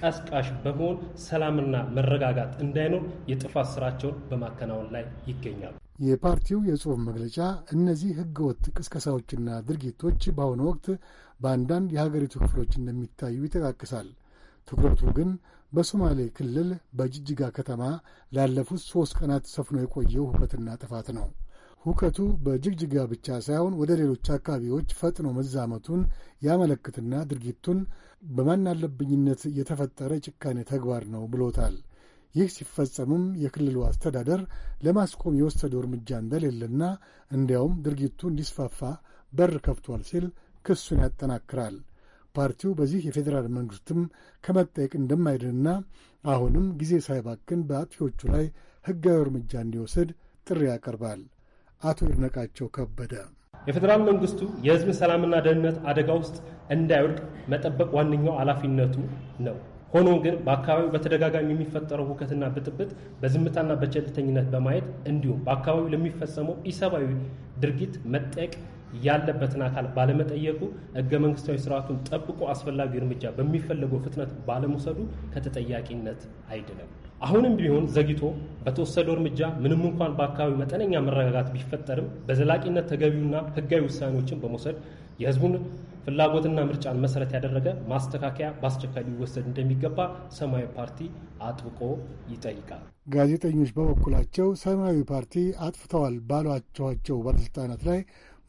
ቀስቃሽ በመሆን ሰላምና መረጋጋት እንዳይኖር የጥፋት ስራቸውን በማከናወን ላይ ይገኛሉ። የፓርቲው የጽሑፍ መግለጫ እነዚህ ህገወጥ ቅስቀሳዎችና ድርጊቶች በአሁኑ ወቅት በአንዳንድ የሀገሪቱ ክፍሎች እንደሚታዩ ይጠቃቅሳል። ትኩረቱ ግን በሶማሌ ክልል በጅጅጋ ከተማ ላለፉት ሦስት ቀናት ሰፍኖ የቆየው ሁከትና ጥፋት ነው። ሁከቱ በጅግጅጋ ብቻ ሳይሆን ወደ ሌሎች አካባቢዎች ፈጥኖ መዛመቱን ያመለክትና ድርጊቱን በማናለብኝነት የተፈጠረ ጭካኔ ተግባር ነው ብሎታል። ይህ ሲፈጸምም የክልሉ አስተዳደር ለማስቆም የወሰደው እርምጃ እንደሌለና እንዲያውም ድርጊቱ እንዲስፋፋ በር ከፍቷል ሲል ክሱን ያጠናክራል። ፓርቲው በዚህ የፌዴራል መንግስትም ከመጠየቅ እንደማይድንና አሁንም ጊዜ ሳይባክን በአጥፊዎቹ ላይ ህጋዊ እርምጃ እንዲወስድ ጥሪ ያቀርባል። አቶ ይድነቃቸው ከበደ የፌዴራል መንግስቱ የህዝብ ሰላምና ደህንነት አደጋ ውስጥ እንዳይወድቅ መጠበቅ ዋነኛው ኃላፊነቱ ነው። ሆኖ ግን በአካባቢው በተደጋጋሚ የሚፈጠረው ሁከትና ብጥብጥ በዝምታና በቸልተኝነት በማየት እንዲሁም በአካባቢው ለሚፈጸመው ኢሰብአዊ ድርጊት መጠየቅ ያለበትን አካል ባለመጠየቁ ህገ መንግስታዊ ስርዓቱን ጠብቆ አስፈላጊ እርምጃ በሚፈለገው ፍጥነት ባለመውሰዱ ከተጠያቂነት አይድንም። አሁንም ቢሆን ዘግይቶ በተወሰደው እርምጃ ምንም እንኳን በአካባቢ መጠነኛ መረጋጋት ቢፈጠርም በዘላቂነት ተገቢውና ህጋዊ ውሳኔዎችን በመውሰድ የህዝቡን ፍላጎትና ምርጫን መሰረት ያደረገ ማስተካከያ በአስቸኳይ ሊወሰድ እንደሚገባ ሰማያዊ ፓርቲ አጥብቆ ይጠይቃል። ጋዜጠኞች በበኩላቸው ሰማያዊ ፓርቲ አጥፍተዋል ባሏቸዋቸው ባለስልጣናት ላይ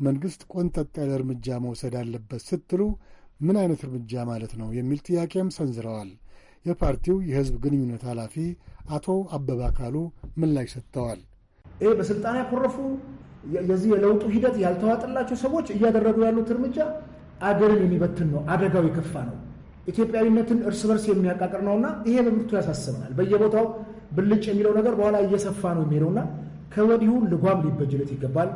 መንግሥት ቆንጠጥ ያለ እርምጃ መውሰድ አለበት ስትሉ ምን አይነት እርምጃ ማለት ነው የሚል ጥያቄም ሰንዝረዋል። የፓርቲው የህዝብ ግንኙነት ኃላፊ አቶ አበባ ካሉ ምላሽ ሰጥተዋል። ይህ በስልጣን ያኮረፉ የዚህ የለውጡ ሂደት ያልተዋጠላቸው ሰዎች እያደረጉ ያሉት እርምጃ አገርን የሚበትን ነው። አደጋው የከፋ ነው። ኢትዮጵያዊነትን እርስ በርስ የሚያቃቅር ነውና ይሄ በብርቱ ያሳስበናል። በየቦታው ብልጭ የሚለው ነገር በኋላ እየሰፋ ነው የሚሄደውና ከወዲሁ ልጓም ሊበጅለት ይገባል።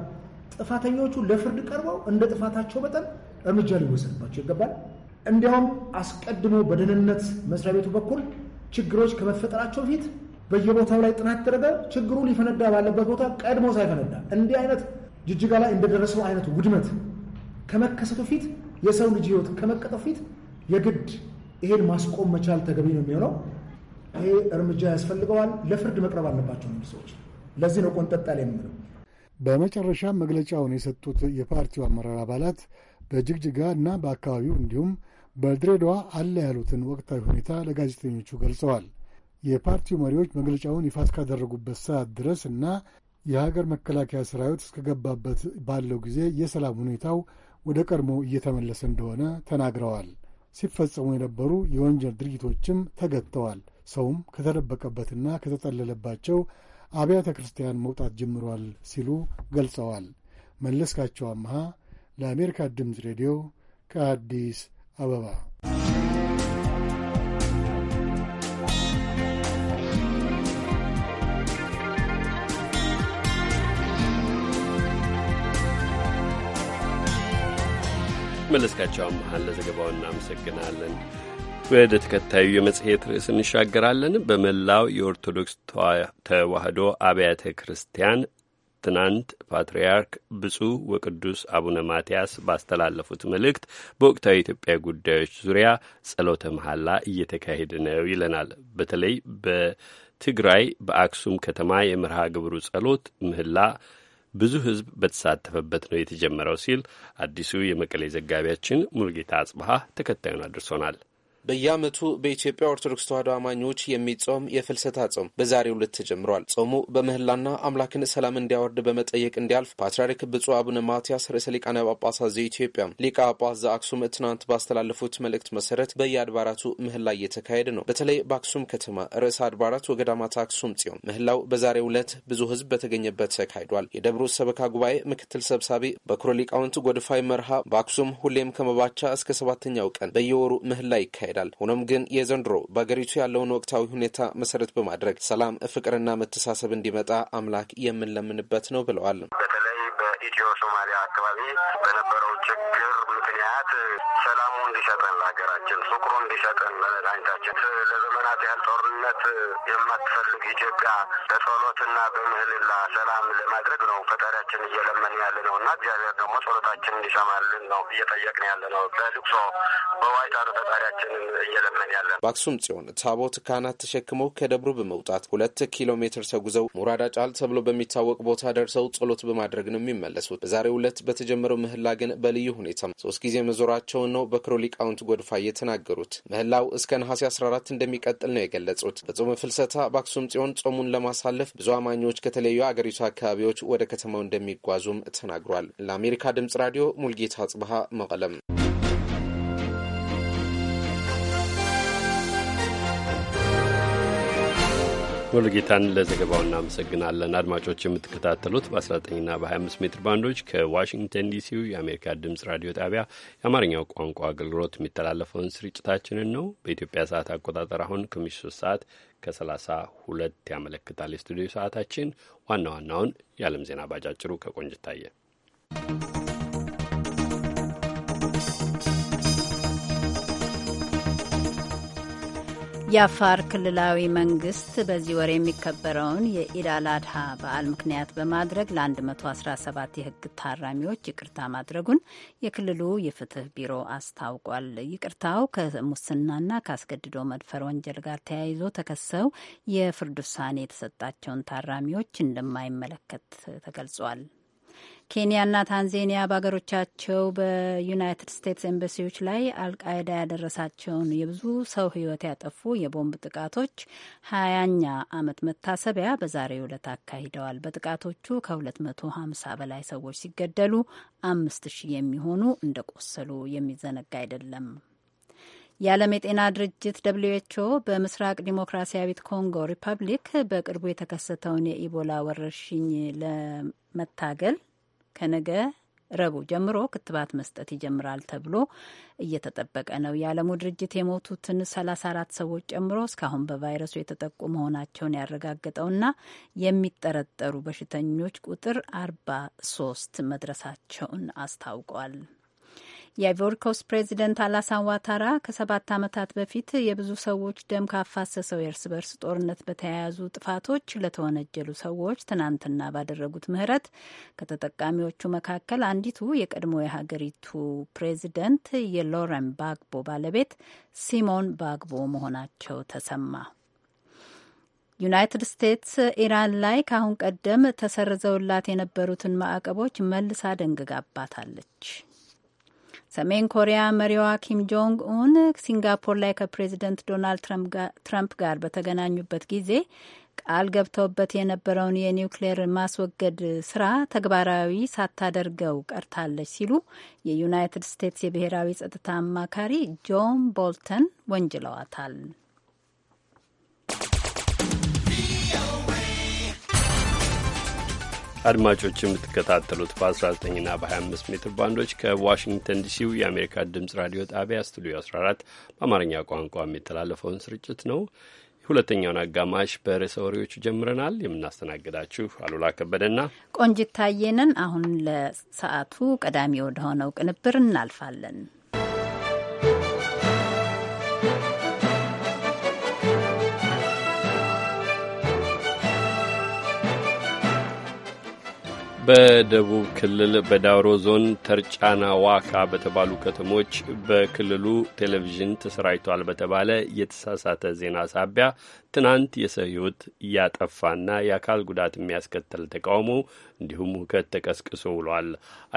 ጥፋተኞቹ ለፍርድ ቀርበው እንደ ጥፋታቸው መጠን እርምጃ ሊወሰድባቸው ይገባል። እንዲያውም አስቀድሞ በደህንነት መስሪያ ቤቱ በኩል ችግሮች ከመፈጠራቸው በፊት በየቦታው ላይ ጥናት ተደረገ። ችግሩ ሊፈነዳ ባለበት ቦታ ቀድሞ ሳይፈነዳ እንዲህ አይነት ጅጅጋ ላይ እንደደረሰው አይነት ውድመት ከመከሰቱ ፊት የሰው ልጅ ህይወት ከመቀጠፉ ፊት የግድ ይሄን ማስቆም መቻል ተገቢ ነው የሚሆነው። ይሄ እርምጃ ያስፈልገዋል። ለፍርድ መቅረብ አለባቸው ሰዎች። ለዚህ ነው ቆንጠጣ ላይ የምንለው በመጨረሻ መግለጫውን የሰጡት የፓርቲው አመራር አባላት በጅግጅጋ እና በአካባቢው እንዲሁም በድሬዳዋ አለ ያሉትን ወቅታዊ ሁኔታ ለጋዜጠኞቹ ገልጸዋል። የፓርቲው መሪዎች መግለጫውን ይፋ እስካደረጉበት ሰዓት ድረስ እና የሀገር መከላከያ ሰራዊት እስከገባበት ባለው ጊዜ የሰላም ሁኔታው ወደ ቀድሞ እየተመለሰ እንደሆነ ተናግረዋል። ሲፈጸሙ የነበሩ የወንጀል ድርጊቶችም ተገጥተዋል። ሰውም ከተደበቀበትና ከተጠለለባቸው አብያተ ክርስቲያን መውጣት ጀምሯል ሲሉ ገልጸዋል። መለስካቸው አምሃ ለአሜሪካ ድምፅ ሬዲዮ ከአዲስ አበባ መለስካቸው አመሃ ለዘገባው እናመሰግናለን። ወደ ተከታዩ የመጽሔት ርዕስ እንሻገራለን። በመላው የኦርቶዶክስ ተዋህዶ አብያተ ክርስቲያን ትናንት ፓትርያርክ ብፁዕ ወቅዱስ አቡነ ማትያስ ባስተላለፉት መልእክት በወቅታዊ የኢትዮጵያ ጉዳዮች ዙሪያ ጸሎተ መሐላ እየተካሄደ ነው ይለናል። በተለይ በትግራይ በአክሱም ከተማ የመርሃ ግብሩ ጸሎት ምህላ ብዙ ሕዝብ በተሳተፈበት ነው የተጀመረው ሲል አዲሱ የመቀሌ ዘጋቢያችን ሙልጌታ አጽብሃ ተከታዩን አድርሶናል። በየዓመቱ በኢትዮጵያ ኦርቶዶክስ ተዋሕዶ አማኞች የሚጾም የፍልሰታ ጾም በዛሬው ዕለት ተጀምሯል። ጾሙ በምህላና አምላክን ሰላም እንዲያወርድ በመጠየቅ እንዲያልፍ ፓትርያርክ ብፁዕ አቡነ ማትያስ ርዕሰ ሊቃነ ጳጳሳት ዘኢትዮጵያ ሊቀ ጳጳስ ዘአክሱም ትናንት ባስተላለፉት መልእክት መሰረት በየአድባራቱ ምህላ እየተካሄደ ነው። በተለይ በአክሱም ከተማ ርዕሰ አድባራት ወገዳማት አክሱም ጽዮን ምህላው በዛሬው ዕለት ብዙ ህዝብ በተገኘበት ተካሂዷል። የደብሩ ሰበካ ጉባኤ ምክትል ሰብሳቢ በኩረ ሊቃውንት ጎድፋይ መርሃ በአክሱም ሁሌም ከመባቻ እስከ ሰባተኛው ቀን በየወሩ ምህላ ይካሄዳል ይካሄዳል። ሆኖም ግን የዘንድሮ በአገሪቱ ያለውን ወቅታዊ ሁኔታ መሰረት በማድረግ ሰላም፣ ፍቅርና መተሳሰብ እንዲመጣ አምላክ የምንለምንበት ነው ብለዋል። በተለይ በኢትዮ ሶማሊያ አካባቢ በነበረው ችግር ምክንያት ሰላሙ እንዲሰጠን ለሀገራችን ፍቅሩ እንዲሰጠን ለመድኃኒታችን ወራት ያህል ጦርነት የማትፈልግ ኢትዮጵያ በጸሎትና በምህልላ ሰላም ለማድረግ ነው ፈጣሪያችን እየለመን ያለ ነው እና እግዚአብሔር ደግሞ ጸሎታችን እንዲሰማልን ነው እየጠየቅን ያለ ነው። በልቅሶ በዋይታ ነው ፈጣሪያችንን እየለመን ያለ ነው። በአክሱም ጽዮን ታቦት ካህናት ተሸክመው ከደብሩ በመውጣት ሁለት ኪሎ ሜትር ተጉዘው ሙራዳ ጫል ተብሎ በሚታወቅ ቦታ ደርሰው ጸሎት በማድረግ ነው የሚመለሱት። በዛሬው ዕለት በተጀመረው ምህላ ግን በልዩ ሁኔታ ሶስት ጊዜ መዞራቸውን ነው በክሮ ሊቃውንት ጎድፋ እየተናገሩት። ምህላው እስከ ነሐሴ 14 እንደሚቀ እንደሚቀጥል ነው የገለጹት። በጾመ ፍልሰታ በአክሱም ጽዮን ጾሙን ለማሳለፍ ብዙ አማኞች ከተለያዩ አገሪቱ አካባቢዎች ወደ ከተማው እንደሚጓዙም ተናግሯል። ለአሜሪካ ድምጽ ራዲዮ ሙልጌታ ጽብሃ መቀለም ወልጌታን ለዘገባው እናመሰግናለን። አድማጮች የምትከታተሉት በ19ና በ25 ሜትር ባንዶች ከዋሽንግተን ዲሲው የአሜሪካ ድምፅ ራዲዮ ጣቢያ የአማርኛው ቋንቋ አገልግሎት የሚተላለፈውን ስርጭታችንን ነው። በኢትዮጵያ ሰዓት አቆጣጠር አሁን ከምሽቱ 3 ሰዓት ከ32 ያመለክታል የስቱዲዮ ሰዓታችን። ዋና ዋናውን የዓለም ዜና ባጫጭሩ ከቆንጅታየ የአፋር ክልላዊ መንግስት በዚህ ወር የሚከበረውን የኢድ አል አድሃ በዓል ምክንያት በማድረግ ለ117 የህግ ታራሚዎች ይቅርታ ማድረጉን የክልሉ የፍትህ ቢሮ አስታውቋል። ይቅርታው ከሙስናና ከአስገድዶ መድፈር ወንጀል ጋር ተያይዞ ተከሰው የፍርድ ውሳኔ የተሰጣቸውን ታራሚዎች እንደማይመለከት ተገልጿል። ኬንያና ታንዜኒያ በሀገሮቻቸው በዩናይትድ ስቴትስ ኤምባሲዎች ላይ አልቃይዳ ያደረሳቸውን የብዙ ሰው ሕይወት ያጠፉ የቦምብ ጥቃቶች ሀያኛ ዓመት መታሰቢያ በዛሬው ዕለት አካሂደዋል። በጥቃቶቹ ከ250 በላይ ሰዎች ሲገደሉ አምስት ሺህ የሚሆኑ እንደቆሰሉ የሚዘነጋ አይደለም። የዓለም የጤና ድርጅት ደብሊው ኤች ኦ በምስራቅ ዲሞክራሲያዊት ኮንጎ ሪፐብሊክ በቅርቡ የተከሰተውን የኢቦላ ወረርሽኝ ለመታገል ከነገ ረቡዕ ጀምሮ ክትባት መስጠት ይጀምራል ተብሎ እየተጠበቀ ነው። የዓለሙ ድርጅት የሞቱትን 34 ሰዎች ጨምሮ እስካሁን በቫይረሱ የተጠቁ መሆናቸውን ያረጋገጠውና የሚጠረጠሩ በሽተኞች ቁጥር 43 መድረሳቸውን አስታውቋል። ኮስት ፕሬዚደንት አላሳን ዋታራ ከሰባት ዓመታት በፊት የብዙ ሰዎች ደም ካፋሰሰው የእርስ በርስ ጦርነት በተያያዙ ጥፋቶች ለተወነጀሉ ሰዎች ትናንትና ባደረጉት ምህረት ከተጠቃሚዎቹ መካከል አንዲቱ የቀድሞ የሀገሪቱ ፕሬዚደንት የሎረን ባግቦ ባለቤት ሲሞን ባግቦ መሆናቸው ተሰማ። ዩናይትድ ስቴትስ ኢራን ላይ ከአሁን ቀደም ተሰርዘውላት የነበሩትን ማዕቀቦች መልሳ ደንግጋባታለች። ሰሜን ኮሪያ መሪዋ ኪም ጆንግ ኡን ሲንጋፖር ላይ ከፕሬዚደንት ዶናልድ ትራምፕ ጋር በተገናኙበት ጊዜ ቃል ገብተውበት የነበረውን የኒውክሌር ማስወገድ ስራ ተግባራዊ ሳታደርገው ቀርታለች ሲሉ የዩናይትድ ስቴትስ የብሔራዊ ጸጥታ አማካሪ ጆን ቦልተን ወንጅለዋታል። አድማጮች የምትከታተሉት በ19ና በ25 ሜትር ባንዶች ከዋሽንግተን ዲሲው የአሜሪካ ድምፅ ራዲዮ ጣቢያ ስቱዲዮ 14 በአማርኛ ቋንቋ የሚተላለፈውን ስርጭት ነው። ሁለተኛውን አጋማሽ በርዕሰ ወሬዎቹ ጀምረናል። የምናስተናግዳችሁ አሉላ ከበደና ቆንጅት ታየንን። አሁን ለሰዓቱ ቀዳሚ ወደሆነው ቅንብር እናልፋለን። በደቡብ ክልል በዳውሮ ዞን ተርጫና ዋካ በተባሉ ከተሞች በክልሉ ቴሌቪዥን ተሰራጭቷል በተባለ የተሳሳተ ዜና ሳቢያ ትናንት የሰው ሕይወት እያጠፋና የአካል ጉዳት የሚያስከተል ተቃውሞ እንዲሁም ሁከት ተቀስቅሶ ውሏል።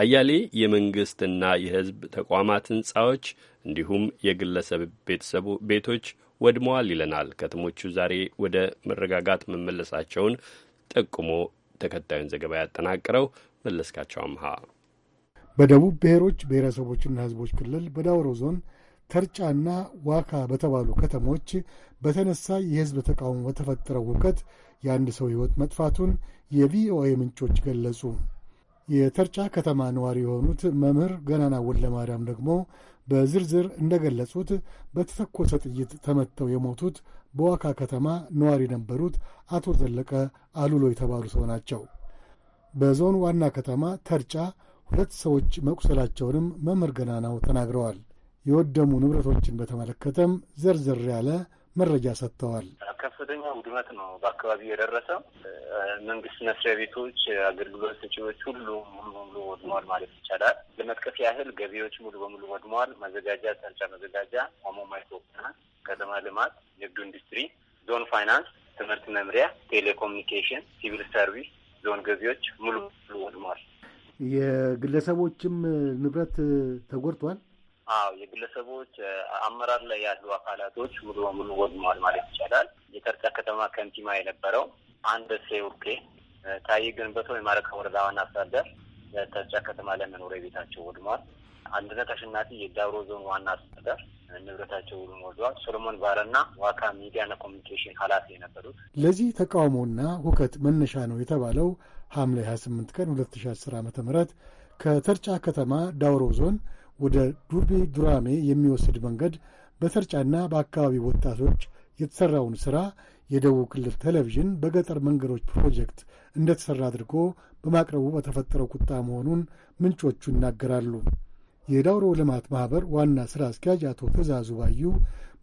አያሌ የመንግስትና የሕዝብ ተቋማት ህንጻዎች እንዲሁም የግለሰብ ቤተሰቡ ቤቶች ወድመዋል ይለናል። ከተሞቹ ዛሬ ወደ መረጋጋት መመለሳቸውን ጠቁሞ ተከታዩን ዘገባ ያጠናቅረው መለስካቸው አምሃ። በደቡብ ብሔሮች ብሔረሰቦችና ሕዝቦች ክልል በዳውሮ ዞን ተርጫና ዋካ በተባሉ ከተሞች በተነሳ የሕዝብ ተቃውሞ በተፈጠረው ሁከት የአንድ ሰው ሕይወት መጥፋቱን የቪኦኤ ምንጮች ገለጹ። የተርጫ ከተማ ነዋሪ የሆኑት መምህር ገናና ወለማርያም ደግሞ በዝርዝር እንደገለጹት በተተኮሰ ጥይት ተመተው የሞቱት በዋካ ከተማ ነዋሪ የነበሩት አቶ ዘለቀ አሉሎ የተባሉ ሰው ናቸው። በዞን ዋና ከተማ ተርጫ ሁለት ሰዎች መቁሰላቸውንም መምህር ገናናው ተናግረዋል። የወደሙ ንብረቶችን በተመለከተም ዘርዘር ያለ መረጃ ሰጥተዋል። ከፍተኛ ውድመት ነው በአካባቢው የደረሰው። መንግስት መስሪያ ቤቶች፣ አገልግሎት ሰጪዎች ሁሉ ሙሉ በሙሉ ወድመዋል ማለት ይቻላል። ለመጥቀስ ያህል ገቢዎች ሙሉ በሙሉ ወድመዋል። መዘጋጃ፣ ጨርጫ መዘጋጃ፣ ኦሞ ማይክሮ ከተማ ልማት፣ ንግዱ ኢንዱስትሪ፣ ዞን ፋይናንስ፣ ትምህርት መምሪያ፣ ቴሌኮሙኒኬሽን፣ ሲቪል ሰርቪስ፣ ዞን ገቢዎች ሙሉ በሙሉ ወድመዋል። የግለሰቦችም ንብረት ተጎድቷል። አዎ የግለሰቦች አመራር ላይ ያሉ አካላቶች ሙሉ በሙሉ ወድመዋል ማለት ይቻላል። የቀርጫ ከተማ ከንቲማ የነበረው አንድ ሴውኬ ታዬ ገንበቶ የማረካ ወረዳ ዋና አስተዳደር የቀርጫ ከተማ ላይ መኖሪያ ቤታቸው ወድመዋል። አንድነት አሸናፊ የዳውሮ ዞን ዋና አስተዳደር ንብረታቸው ወድመዋል። ሶሎሞን ባረና ዋካ ሚዲያና ኮሚኒኬሽን ኃላፊ የነበሩት ለዚህ ተቃውሞና ሁከት መነሻ ነው የተባለው ሐምሌ 28 ቀን አስር ዓ ም ከተርጫ ከተማ ዳውሮ ዞን ወደ ዱቤ ዱራሜ የሚወስድ መንገድ በሰርጫና በአካባቢ ወጣቶች የተሠራውን ሥራ የደቡብ ክልል ቴሌቪዥን በገጠር መንገዶች ፕሮጀክት እንደተሠራ አድርጎ በማቅረቡ በተፈጠረው ቁጣ መሆኑን ምንጮቹ ይናገራሉ። የዳውሮ ልማት ማኅበር ዋና ሥራ አስኪያጅ አቶ ትእዛዙ ባዩ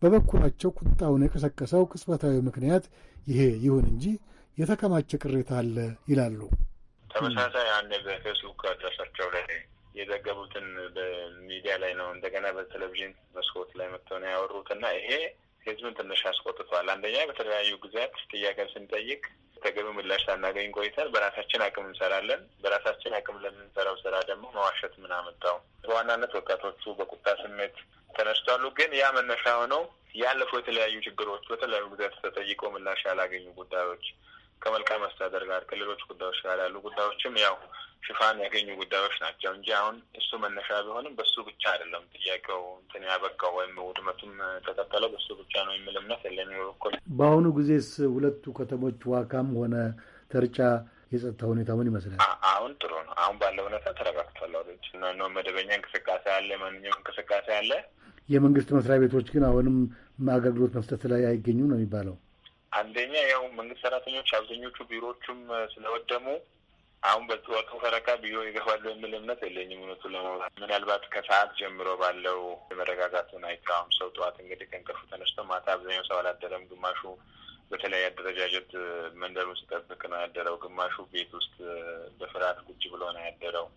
በበኩላቸው ቁጣውን የቀሰቀሰው ቅጽበታዊ ምክንያት ይሄ ይሁን እንጂ የተከማቸ ቅሬታ አለ ይላሉ። ተመሳሳይ አንድ በፌስቡክ ገጻቸው ላይ የዘገቡትን በሚዲያ ላይ ነው እንደገና በቴሌቪዥን መስኮት ላይ መጥተው ነው ያወሩት እና ይሄ ህዝብን ትንሽ አስቆጥቷል። አንደኛ በተለያዩ ጊዜያት ጥያቄ ስንጠይቅ ተገቢ ምላሽ ሳናገኝ ቆይተን በራሳችን አቅም እንሰራለን። በራሳችን አቅም ለምንሰራው ስራ ደግሞ መዋሸት ምን አመጣው? በዋናነት ወጣቶቹ በቁጣ ስሜት ተነስቷሉ። ግን ያ መነሻ ሆነው ያለፉ የተለያዩ ችግሮች በተለያዩ ጊዜያት ተጠይቆ ምላሽ ያላገኙ ጉዳዮች ከመልካም አስተዳደር ጋር ከሌሎች ጉዳዮች ጋር ያሉ ጉዳዮችም ያው ሽፋን ያገኙ ጉዳዮች ናቸው እንጂ አሁን እሱ መነሻ ቢሆንም በሱ ብቻ አይደለም ጥያቄው እንትን ያበቃው ወይም ውድመቱም ተቀጠለው በሱ ብቻ ነው የሚል እምነት የለኝ በኩል። በአሁኑ ጊዜስ ሁለቱ ከተሞች ዋካም ሆነ ተርጫ የጸጥታ ሁኔታ ምን ይመስላል? አሁን ጥሩ ነው። አሁን ባለው ሁኔታ ተረጋግቷል። ወደች መደበኛ እንቅስቃሴ አለ፣ ማንኛውም እንቅስቃሴ አለ። የመንግስት መስሪያ ቤቶች ግን አሁንም አገልግሎት መስጠት ላይ አይገኙ ነው የሚባለው አንደኛ ያው መንግስት ሰራተኞች አብዛኞቹ ቢሮዎቹም ስለወደሙ አሁን በጠዋቱ ፈረቃ ቢሮ ይገባሉ የሚል እምነት የለኝም። እውነቱን ለመውላት ምናልባት ከሰዓት ጀምሮ ባለው መረጋጋቱን አይታወም። ሰው ጠዋት እንግዲህ ከእንቅልፉ ተነስቶ ማታ አብዛኛው ሰው አላደረም። ግማሹ በተለያየ አደረጃጀት መንደሩን ሲጠብቅ ነው ያደረው። ግማሹ ቤት ውስጥ በፍርሃት ቁጭ ብሎ ነው ያደረው።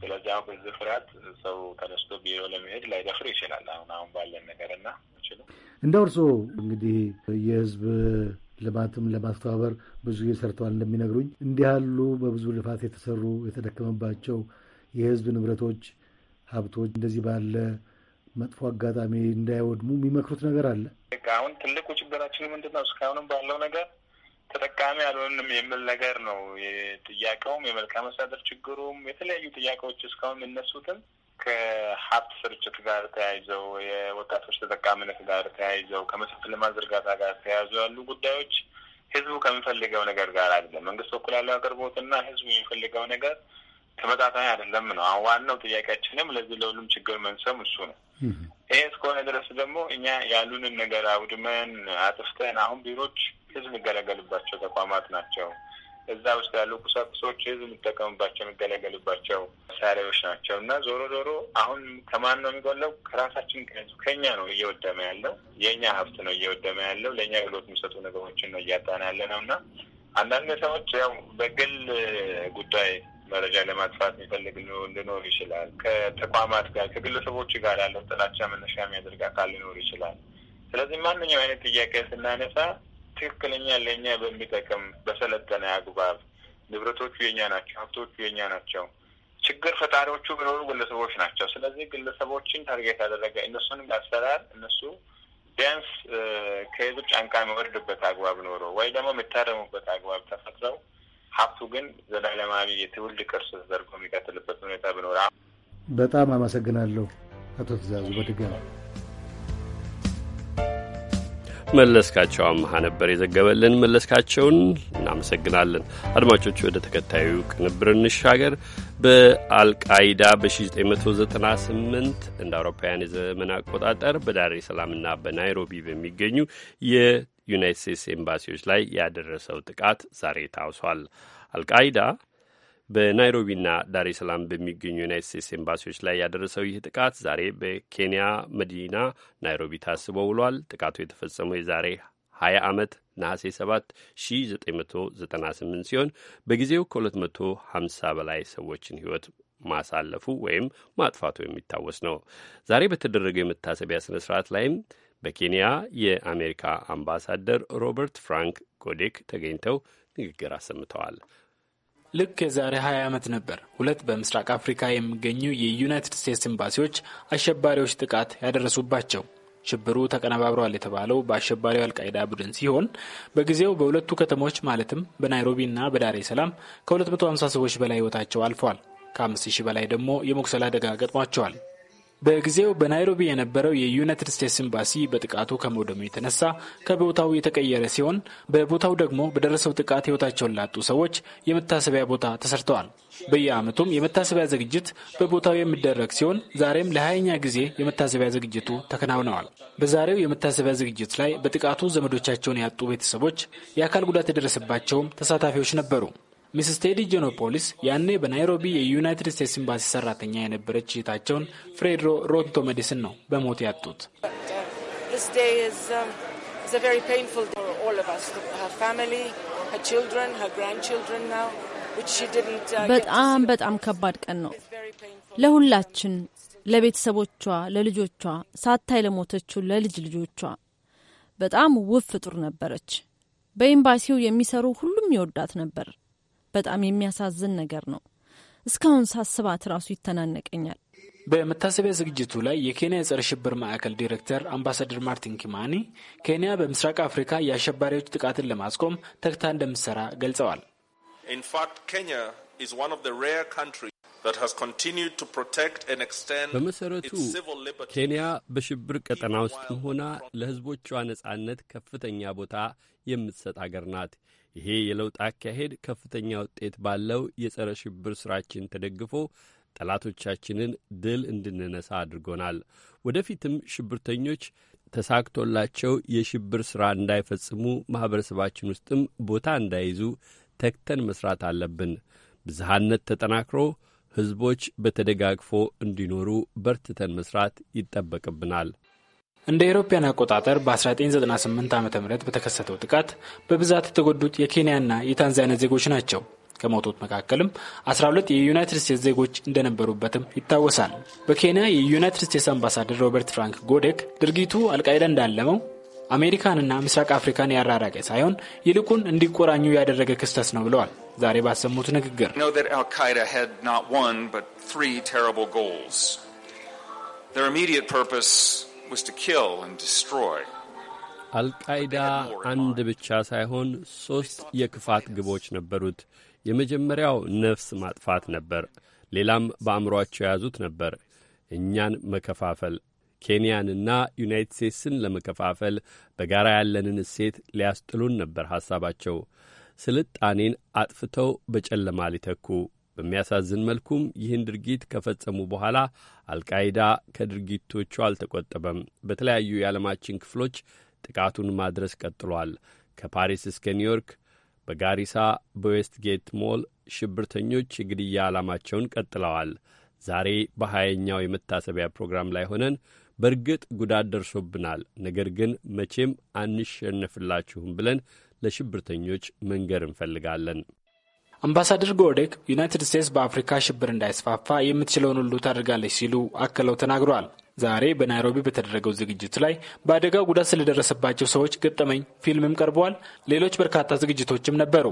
ስለዚህ አሁን በዚህ ፍርሃት ሰው ተነስቶ ቢሮ ለመሄድ ላይደፍር ይችላል። አሁን አሁን ባለን ነገር እና እንደ እርሶ እንግዲህ የህዝብ ልማትም ለማስተባበር ብዙ ሰርተዋል እንደሚነግሩኝ እንዲህ ያሉ በብዙ ልፋት የተሰሩ የተደከመባቸው የህዝብ ንብረቶች፣ ሀብቶች እንደዚህ ባለ መጥፎ አጋጣሚ እንዳይወድሙ የሚመክሩት ነገር አለ? አሁን ትልቁ ችግራችን ምንድን ነው? እስካሁንም ባለው ነገር ተጠቃሚ አልሆንም የሚል ነገር ነው። ጥያቄውም የመልካም አስተዳደር ችግሩም የተለያዩ ጥያቄዎች እስካሁን የሚነሱትም ከሀብት ስርጭት ጋር ተያይዘው የወጣቶች ተጠቃሚነት ጋር ተያይዘው ከመሰረተ ልማት ዝርጋታ ጋር ተያይዘው ያሉ ጉዳዮች ህዝቡ ከሚፈልገው ነገር ጋር አይደለም። መንግስት በኩል ያለው አቅርቦትና ህዝቡ የሚፈልገው ነገር ተመጣጣኝ አይደለም ነው። አሁን ዋናው ጥያቄያችንም ለዚህ ለሁሉም ችግር መንሰም እሱ ነው። ይሄ እስከሆነ ድረስ ደግሞ እኛ ያሉንን ነገር አውድመን አጥፍተን አሁን ቢሮዎች ህዝብ የሚገለገልባቸው ተቋማት ናቸው። እዛ ውስጥ ያሉ ቁሳቁሶች ህዝብ የሚጠቀምባቸው የሚገለገልባቸው መሳሪያዎች ናቸው እና ዞሮ ዞሮ አሁን ከማን ነው የሚጎለው? ከራሳችን ከህዝብ ከኛ ነው እየወደመ ያለው። የእኛ ሀብት ነው እየወደመ ያለው። ለእኛ ግሎት የሚሰጡ ነገሮችን ነው እያጣን ያለ ነው እና አንዳንድ ሰዎች ያው በግል ጉዳይ መረጃ ለማጥፋት የሚፈልግ ሊኖር ይችላል። ከተቋማት ጋር ከግለሰቦች ጋር ያለው ጥላቻ መነሻ የሚያደርግ አካል ሊኖር ይችላል። ስለዚህ ማንኛውም አይነት ጥያቄ ስናነሳ ትክክለኛ ለእኛ በሚጠቅም በሰለጠነ አግባብ ንብረቶቹ የኛ ናቸው፣ ሀብቶቹ የኛ ናቸው። ችግር ፈጣሪዎቹ ቢኖሩ ግለሰቦች ናቸው። ስለዚህ ግለሰቦችን ታርጌት ያደረገ እነሱን አሰራር እነሱ ቢያንስ ከህዝብ ጫንቃ የሚወርድበት አግባብ ኖሮ ወይ ደግሞ የሚታረሙበት አግባብ ተፈጥረው ሀብቱ ግን ዘላለማዊ የትውልድ ቅርስ ተደርጎ የሚቀጥልበት ሁኔታ ብኖር። በጣም አመሰግናለሁ አቶ ትእዛዙ በድጋሚ መለስካቸው አመሀ ነበር የዘገበልን። መለስካቸውን እናመሰግናለን። አድማጮች ወደ ተከታዩ ቅንብር እንሻገር። በአልቃይዳ በ1998 እንደ አውሮፓውያን የዘመን አቆጣጠር በዳሬ ሰላምና በናይሮቢ በሚገኙ ዩናይት ስቴትስ ኤምባሲዎች ላይ ያደረሰው ጥቃት ዛሬ ታውሷል። አልቃይዳ በናይሮቢና ዳሬ ሰላም በሚገኙ ዩናይት ስቴትስ ኤምባሲዎች ላይ ያደረሰው ይህ ጥቃት ዛሬ በኬንያ መዲና ናይሮቢ ታስቦ ውሏል። ጥቃቱ የተፈጸመው የዛሬ 20 ዓመት ነሐሴ 7 1998 ሲሆን በጊዜው ከ250 በላይ ሰዎችን ሕይወት ማሳለፉ ወይም ማጥፋቱ የሚታወስ ነው። ዛሬ በተደረገው የመታሰቢያ ስነ ስርዓት ላይም በኬንያ የአሜሪካ አምባሳደር ሮበርት ፍራንክ ጎዴክ ተገኝተው ንግግር አሰምተዋል። ልክ የዛሬ 20 ዓመት ነበር ሁለት በምስራቅ አፍሪካ የሚገኙ የዩናይትድ ስቴትስ ኤምባሲዎች አሸባሪዎች ጥቃት ያደረሱባቸው። ሽብሩ ተቀነባብሯል የተባለው በአሸባሪው አልቃይዳ ቡድን ሲሆን በጊዜው በሁለቱ ከተሞች ማለትም በናይሮቢ እና በዳሬ ሰላም ከ250 ሰዎች በላይ ህይወታቸው አልፏል። ከ5000 በላይ ደግሞ የመቁሰል አደጋ ገጥሟቸዋል። በጊዜው በናይሮቢ የነበረው የዩናይትድ ስቴትስ ኤምባሲ በጥቃቱ ከመውደሙ የተነሳ ከቦታው የተቀየረ ሲሆን በቦታው ደግሞ በደረሰው ጥቃት ሕይወታቸውን ላጡ ሰዎች የመታሰቢያ ቦታ ተሰርተዋል። በየዓመቱም የመታሰቢያ ዝግጅት በቦታው የሚደረግ ሲሆን ዛሬም ለሀያኛ ጊዜ የመታሰቢያ ዝግጅቱ ተከናውነዋል። በዛሬው የመታሰቢያ ዝግጅት ላይ በጥቃቱ ዘመዶቻቸውን ያጡ ቤተሰቦች፣ የአካል ጉዳት የደረሰባቸውም ተሳታፊዎች ነበሩ። ሚስስ ቴዲ ጄኖፖሊስ ያኔ በናይሮቢ የዩናይትድ ስቴትስ ኤምባሲ ሰራተኛ የነበረች እህታቸውን ፍሬድሮ ሮንቶ መዲስን ነው በሞት ያጡት። um, uh, በጣም በጣም ከባድ ቀን ነው ለሁላችን፣ ለቤተሰቦቿ፣ ለልጆቿ፣ ሳታይ ለሞተችው ለልጅ ልጆቿ። በጣም ውብ ፍጡር ነበረች። በኤምባሲው የሚሰሩ ሁሉም ይወዳት ነበር። በጣም የሚያሳዝን ነገር ነው። እስካሁን ሳስባት ራሱ ይተናነቀኛል። በመታሰቢያ ዝግጅቱ ላይ የኬንያ የጸረ ሽብር ማዕከል ዲሬክተር አምባሳደር ማርቲን ኪማኒ ኬንያ በምስራቅ አፍሪካ የአሸባሪዎች ጥቃትን ለማስቆም ተግታ እንደምትሰራ ገልጸዋል። በመሰረቱ ኬንያ በሽብር ቀጠና ውስጥም ሆና ለሕዝቦቿ ነጻነት ከፍተኛ ቦታ የምትሰጥ አገር ናት። ይሄ የለውጥ አካሄድ ከፍተኛ ውጤት ባለው የጸረ ሽብር ስራችን ተደግፎ ጠላቶቻችንን ድል እንድንነሳ አድርጎናል። ወደፊትም ሽብርተኞች ተሳክቶላቸው የሽብር ሥራ እንዳይፈጽሙ ማኅበረሰባችን ውስጥም ቦታ እንዳይዙ ተግተን መሥራት አለብን። ብዝሃነት ተጠናክሮ ሕዝቦች በተደጋግፎ እንዲኖሩ በርትተን መሥራት ይጠበቅብናል። እንደ አውሮፓውያን አቆጣጠር በ1998 ዓ ም በተከሰተው ጥቃት በብዛት የተጎዱት የኬንያና የታንዛኒያ ዜጎች ናቸው። ከሞቱት መካከልም 12 የዩናይትድ ስቴትስ ዜጎች እንደነበሩበትም ይታወሳል። በኬንያ የዩናይትድ ስቴትስ አምባሳደር ሮበርት ፍራንክ ጎዴክ ድርጊቱ አልቃይዳ እንዳለመው አሜሪካንና ምስራቅ አፍሪካን ያራራቀ ሳይሆን ይልቁን እንዲቆራኙ ያደረገ ክስተት ነው ብለዋል። ዛሬ ባሰሙት ንግግር አልቃይዳ አንድ ብቻ ሳይሆን ሦስት የክፋት ግቦች ነበሩት። የመጀመሪያው ነፍስ ማጥፋት ነበር። ሌላም በአእምሮአቸው የያዙት ነበር፣ እኛን መከፋፈል፣ ኬንያንና ዩናይት ስቴትስን ለመከፋፈል በጋራ ያለንን እሴት ሊያስጥሉን ነበር ሐሳባቸው። ስልጣኔን አጥፍተው በጨለማ ሊተኩ በሚያሳዝን መልኩም ይህን ድርጊት ከፈጸሙ በኋላ አልቃይዳ ከድርጊቶቹ አልተቆጠበም። በተለያዩ የዓለማችን ክፍሎች ጥቃቱን ማድረስ ቀጥሏል። ከፓሪስ እስከ ኒውዮርክ፣ በጋሪሳ፣ በዌስትጌት ሞል ሽብርተኞች የግድያ ዓላማቸውን ቀጥለዋል። ዛሬ በሀያኛው የመታሰቢያ ፕሮግራም ላይ ሆነን በእርግጥ ጉዳት ደርሶብናል፣ ነገር ግን መቼም አንሸነፍላችሁም ብለን ለሽብርተኞች መንገር እንፈልጋለን። አምባሳደር ጎዴክ ዩናይትድ ስቴትስ በአፍሪካ ሽብር እንዳይስፋፋ የምትችለውን ሁሉ ታደርጋለች ሲሉ አክለው ተናግረዋል። ዛሬ በናይሮቢ በተደረገው ዝግጅት ላይ በአደጋው ጉዳት ስለደረሰባቸው ሰዎች ገጠመኝ ፊልምም ቀርበዋል። ሌሎች በርካታ ዝግጅቶችም ነበሩ።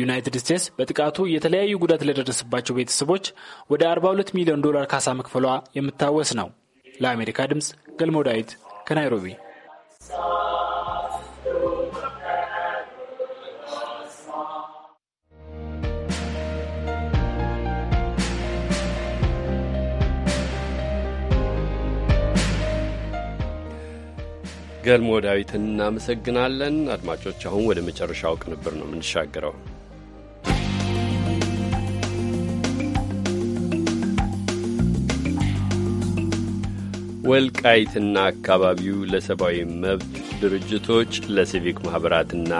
ዩናይትድ ስቴትስ በጥቃቱ የተለያዩ ጉዳት ለደረሰባቸው ቤተሰቦች ወደ 42 ሚሊዮን ዶላር ካሳ መክፈሏ የምታወስ ነው። ለአሜሪካ ድምፅ ገልሞ ዳዊት ከናይሮቢ ገልሞ ዳዊትን እናመሰግናለን። አድማጮች አሁን ወደ መጨረሻው ቅንብር ነው የምንሻገረው። ወልቃይትና አካባቢው ለሰብአዊ መብት ድርጅቶች ለሲቪክ ማኅበራትና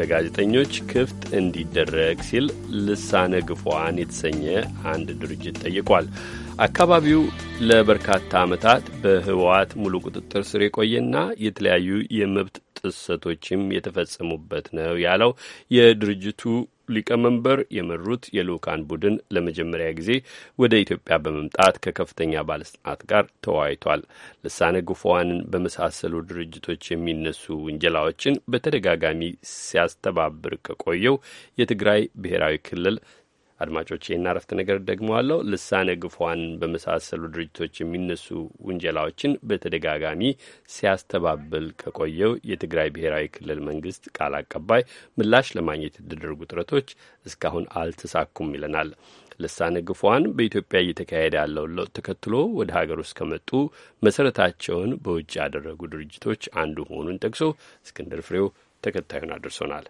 ለጋዜጠኞች ክፍት እንዲደረግ ሲል ልሳነ ግፏን የተሰኘ አንድ ድርጅት ጠይቋል። አካባቢው ለበርካታ ዓመታት በህወሓት ሙሉ ቁጥጥር ስር የቆየና የተለያዩ የመብት ጥሰቶችም የተፈጸሙበት ነው ያለው የድርጅቱ ሊቀመንበር የመሩት የልኡካን ቡድን ለመጀመሪያ ጊዜ ወደ ኢትዮጵያ በመምጣት ከከፍተኛ ባለስልጣናት ጋር ተወያይቷል። ልሳነ ጉፏዋንን በመሳሰሉ ድርጅቶች የሚነሱ ውንጀላዎችን በተደጋጋሚ ሲያስተባብር ከቆየው የትግራይ ብሔራዊ ክልል አድማጮች ይህን አረፍተ ነገር ደግመዋለሁ። ልሳነ ግፏን በመሳሰሉ ድርጅቶች የሚነሱ ውንጀላዎችን በተደጋጋሚ ሲያስተባብል ከቆየው የትግራይ ብሔራዊ ክልል መንግስት ቃል አቀባይ ምላሽ ለማግኘት የተደረጉ ጥረቶች እስካሁን አልተሳኩም ይለናል። ልሳነ ግፏን በኢትዮጵያ እየተካሄደ ያለው ለውጥ ተከትሎ ወደ ሀገር ውስጥ ከመጡ መሰረታቸውን በውጭ ያደረጉ ድርጅቶች አንዱ መሆኑን ጠቅሶ እስክንድር ፍሬው ተከታዩን አድርሶናል።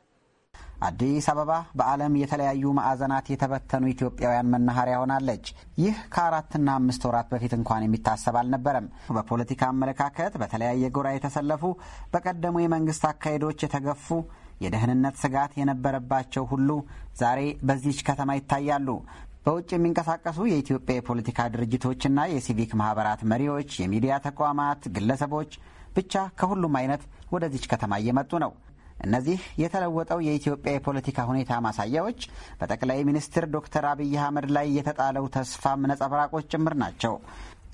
አዲስ አበባ በዓለም የተለያዩ ማዕዘናት የተበተኑ ኢትዮጵያውያን መናኸሪያ ሆናለች። ይህ ከአራትና አምስት ወራት በፊት እንኳን የሚታሰብ አልነበረም። በፖለቲካ አመለካከት በተለያየ ጎራ የተሰለፉ፣ በቀደሙ የመንግስት አካሄዶች የተገፉ፣ የደህንነት ስጋት የነበረባቸው ሁሉ ዛሬ በዚች ከተማ ይታያሉ። በውጭ የሚንቀሳቀሱ የኢትዮጵያ የፖለቲካ ድርጅቶችና የሲቪክ ማህበራት መሪዎች፣ የሚዲያ ተቋማት፣ ግለሰቦች ብቻ ከሁሉም አይነት ወደዚች ከተማ እየመጡ ነው። እነዚህ የተለወጠው የኢትዮጵያ የፖለቲካ ሁኔታ ማሳያዎች በጠቅላይ ሚኒስትር ዶክተር አብይ አህመድ ላይ የተጣለው ተስፋም ነጸብራቆች ጭምር ናቸው።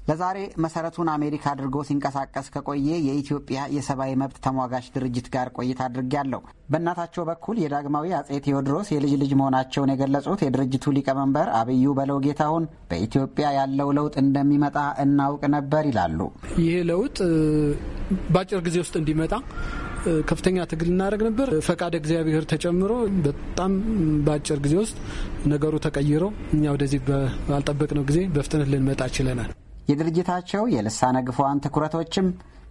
ለዛሬ መሰረቱን አሜሪካ አድርጎ ሲንቀሳቀስ ከቆየ የኢትዮጵያ የሰብአዊ መብት ተሟጋች ድርጅት ጋር ቆይታ አድርጌያለሁ። በእናታቸው በኩል የዳግማዊ አጼ ቴዎድሮስ የልጅ ልጅ መሆናቸውን የገለጹት የድርጅቱ ሊቀመንበር አብዩ በለው ጌታሁን በኢትዮጵያ ያለው ለውጥ እንደሚመጣ እናውቅ ነበር ይላሉ። ይህ ለውጥ በአጭር ጊዜ ውስጥ እንዲመጣ ከፍተኛ ትግል እናደረግ ነበር። ፈቃድ እግዚአብሔር ተጨምሮ በጣም በአጭር ጊዜ ውስጥ ነገሩ ተቀይሮ እኛ ወደዚህ ባልጠበቅነው ጊዜ በፍጥነት ልንመጣ ችለናል። የድርጅታቸው የልሳነ ግፏን ትኩረቶችም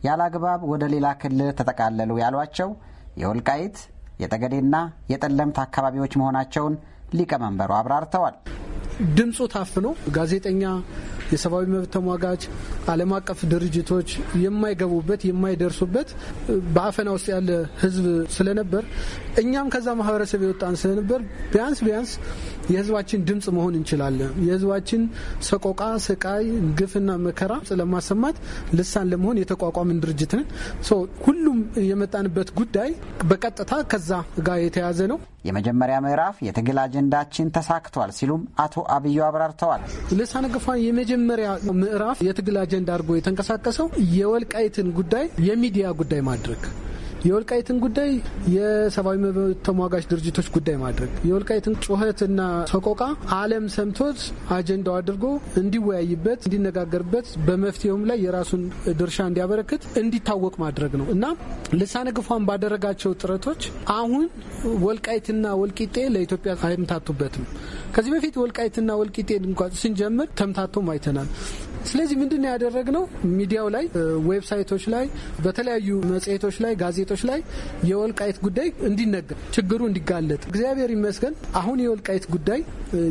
ያለአግባብ ወደ ሌላ ክልል ተጠቃለሉ ያሏቸው የወልቃይት የጠገዴና የጠለምት አካባቢዎች መሆናቸውን ሊቀመንበሩ አብራርተዋል። ድምፁ ታፍኖ ጋዜጠኛ፣ የሰብአዊ መብት ተሟጋች፣ ዓለም አቀፍ ድርጅቶች የማይገቡበት የማይደርሱበት በአፈና ውስጥ ያለ ህዝብ ስለነበር እኛም ከዛ ማህበረሰብ የወጣን ስለነበር ቢያንስ ቢያንስ የህዝባችን ድምፅ መሆን እንችላለን። የህዝባችን ሰቆቃ፣ ስቃይ፣ ግፍና መከራ ለማሰማት ልሳን ለመሆን የተቋቋምን ድርጅት ነን። ሁሉም የመጣንበት ጉዳይ በቀጥታ ከዛ ጋር የተያዘ ነው። የመጀመሪያ ምዕራፍ የትግል አጀንዳችን ተሳክቷል ሲሉም አቶ አብዩ አብራርተዋል። ልሳነ ግፋን የመጀመሪያ ምዕራፍ የትግል አጀንዳ አድርጎ የተንቀሳቀሰው የወልቃይትን ጉዳይ የሚዲያ ጉዳይ ማድረግ የወልቃይትን ጉዳይ የሰብአዊ መብት ተሟጋች ድርጅቶች ጉዳይ ማድረግ የወልቃይትን ጩኸትና ሰቆቃ ዓለም ሰምቶት አጀንዳው አድርጎ እንዲወያይበት፣ እንዲነጋገርበት በመፍትሄውም ላይ የራሱን ድርሻ እንዲያበረክት እንዲታወቅ ማድረግ ነው እና ልሳነ ግፏን ባደረጋቸው ጥረቶች አሁን ወልቃይትና ወልቂጤ ለኢትዮጵያ አይምታቱበትም። ከዚህ በፊት ወልቃይትና ወልቂጤ እንኳ ስንጀምር ተምታቶም አይተናል። ስለዚህ ምንድን ነው ያደረግነው? ሚዲያው ላይ፣ ዌብሳይቶች ላይ፣ በተለያዩ መጽሔቶች ላይ፣ ጋዜጦች ላይ የወልቃይት ጉዳይ እንዲነገር ችግሩ እንዲጋለጥ እግዚአብሔር ይመስገን አሁን የወልቃይት ጉዳይ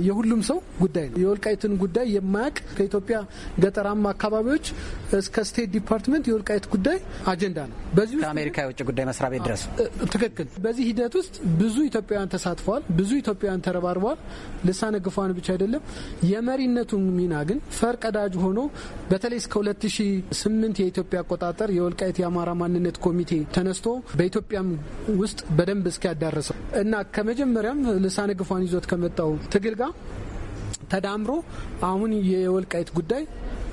የሁሉም ሰው ጉዳይ ነው። የወልቃይትን ጉዳይ የማያቅ ከኢትዮጵያ ገጠራማ አካባቢዎች እስከ ስቴት ዲፓርትመንት የወልቃይት ጉዳይ አጀንዳ ነው። በዚህ ከአሜሪካ የውጭ ጉዳይ መስሪያ ቤት ድረስ ትክክል። በዚህ ሂደት ውስጥ ብዙ ኢትዮጵያውያን ተሳትፈዋል። ብዙ ኢትዮጵያውያን ተረባርበዋል። ልሳነ ግፏን ብቻ አይደለም የመሪነቱ ሚና ግን ፈርቀዳጅ ሆኖ ሆኖ በተለይ እስከ 2008 የኢትዮጵያ አቆጣጠር የወልቃይት የአማራ ማንነት ኮሚቴ ተነስቶ በኢትዮጵያም ውስጥ በደንብ እስኪያዳረሰው እና ከመጀመሪያም ልሳነ ግፏን ይዞት ከመጣው ትግል ጋር ተዳምሮ አሁን የወልቃይት ጉዳይ